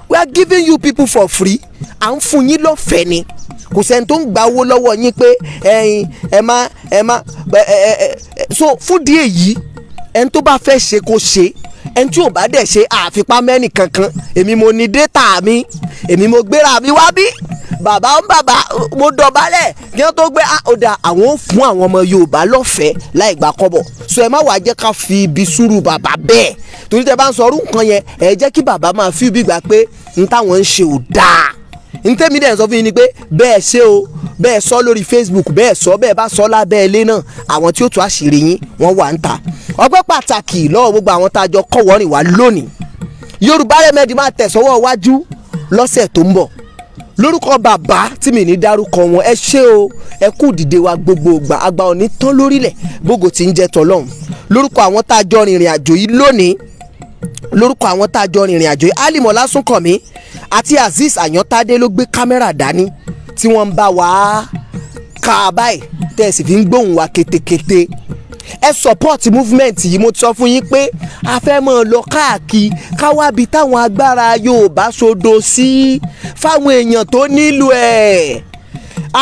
we are giving you people for free à ń fún yín lọ́fẹ̀ẹ́ ni kò sẹ́ni tó ń gba owó lọ́wọ́ yín pé ẹ má ẹ má so fún díẹ̀ yìí ẹni tó bá fẹ́ ṣe kó ṣe é ẹni tí ò bá dẹ̀ ṣe àfipámẹ́nì kankan èmi mo ní data mi èmi mo gbéra mi wá bí bàbá ń bàbá mo dọ̀bálẹ̀ kí wọ́n tó gbé ọ̀dà ah, àwọn ò fún àwọn ọmọ Yorùbá lọ́fẹ̀ẹ́ láì gbà kọ́bọ̀ so ẹ má wàá jẹ́ ká fi ibi sùúrù bàbá bẹ́ẹ̀ torí tẹ bá ń sọ ọdún kan yẹn ẹ jẹ́ kí bàbá máa fi ibi gbà pé n táwọn ń ṣe ò dáa ntẹ́mi dẹ̀ sọ fún yín ni pé bẹ́ẹ̀ ṣe o bẹ́ẹ̀ sọ lórí Facebook bẹ́ẹ̀ sọ bẹ́ẹ̀ bá sọ lábẹ́ ilé náà àwọn tí ó tú àṣírí yín wọ́n wà ń ta ọgbẹ́ pàtàkì lọ́wọ́ gbogbo àwọn tá a jọ kọ́ wọ́rìn wá lónìí Yorùbá Remedy máa tẹ̀sọ́wọ́ wájú lọ́sẹ̀ tó ń bọ̀ lórúkọ bàbá tí mi ní dárúkọ wọn ẹ ṣé o ẹ kú dìde wa gbogbo ìgbà àgbà òní tán lórílẹ̀ gbogbo tí ń jẹ́ tọlọ́run lórúkọ àwọn tá a jọ rìnrìn àjò yìí lónìí lórúkọ àwọn tá a jọ rìnrìn àjò yìí alimola súnkànmí àti azeez ayántádé ló gbé kámẹ́rà dání tí wọ́n ń bá wa ká a báyìí tẹ́ ẹ sì fi ń gbóhùn wa ketekete ẹ support movement yìí mo ti sọ fún yín pé a fẹ́ mọ̀ lọ káàkiri káwábi táwọn agbára Yorùbá sodo sí fáwọn èèyàn tó nílò ẹ̀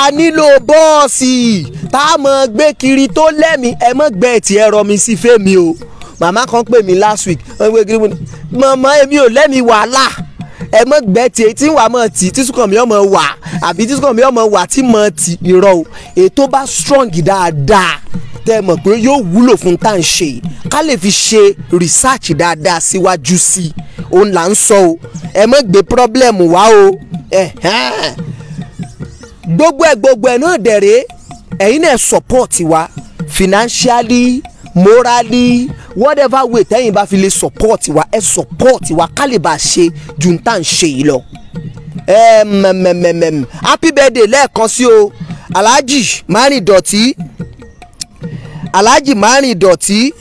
a nílò bọ́ọ̀sì tá a mọ̀ gbé kiri tó lẹ́mìí ẹ mọ̀ gbẹ́ ti ẹ̀rọ mi sí fẹ́mi o màmá kan pè mí last week wọ́n gbé kiri mọ̀mọ́ èmi ò lẹ́mìí wàhálà ẹ mọ̀ gbẹ́ tiẹ̀ tí wàá mọ̀ tì tí sùkànmí ọmọ wàá àbí tí sọ́kàn mi ọmọ wà tí mọ ti irọ́ o ètò bá strong dáadáa tẹ́ ẹ mọ̀ pé yóò wúlò fún tá à ń ṣe ká lè fi ṣe research dáadáa síwájú sí i òun là ń sọ o ẹ má gbé problem wá o gbogbo ẹ gbogbo ẹ náà dẹ̀rẹ́ ẹ̀yin náà support wa financially morally whatever way tẹ́yin bá fi lè support wa ẹ support wa ká lè bá ṣe ju n tá à ń ṣe yìí lọ happy birthday lẹ́ẹ̀kan sí o alhaji márùn ìdọ̀tí alhaji márùn ìdọ̀tí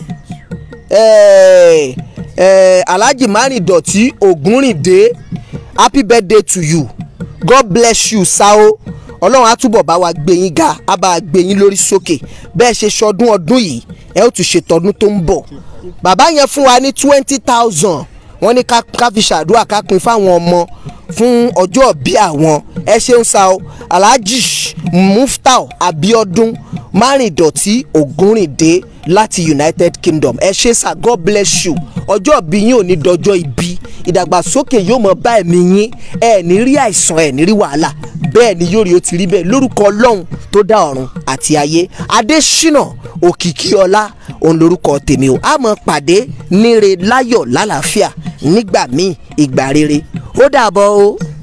eh, eh, alhaji márùn ìdọ̀tí ògúnrìndé happy birthday to you god bless you sao ọlọ́run á túbọ̀ bá wa gbé ga á bá a gbé yín lórí sókè bẹ́ẹ̀ ṣe ṣọdún ọdún yìí ẹ ó tún ṣe tó ń bọ̀ bàbá yẹn fún wa ní twenty thousand wọ́n ní ká fi ṣàdúrà ká pín fáwọn ọmọ fún ọjọ́ bí àwọn ẹ ṣeun sa o alhaji muftau abiodun márìndọ̀tí ògúnrìndé láti united kingdom ẹ ṣe sá god bless you ọjọ́ bí yín ò ní dọjọ́ ibi ìdàgbàsókè yóò mọ bá ẹ̀mí yín ẹ ní rí àìsàn ẹ ní rí wàhálà bẹ́ẹ̀ ni yóò rí o ti rí bẹ́ẹ̀ lórúkọ ọlọ́run tó dá ọ̀run àti ayé adésínà òkìkíọlá òun lórúkọ tèmi o a pàdé níre láyọ̀ lálàáfíà nígbà míì ìgbà rere ó dàbọ̀ o. Tchau!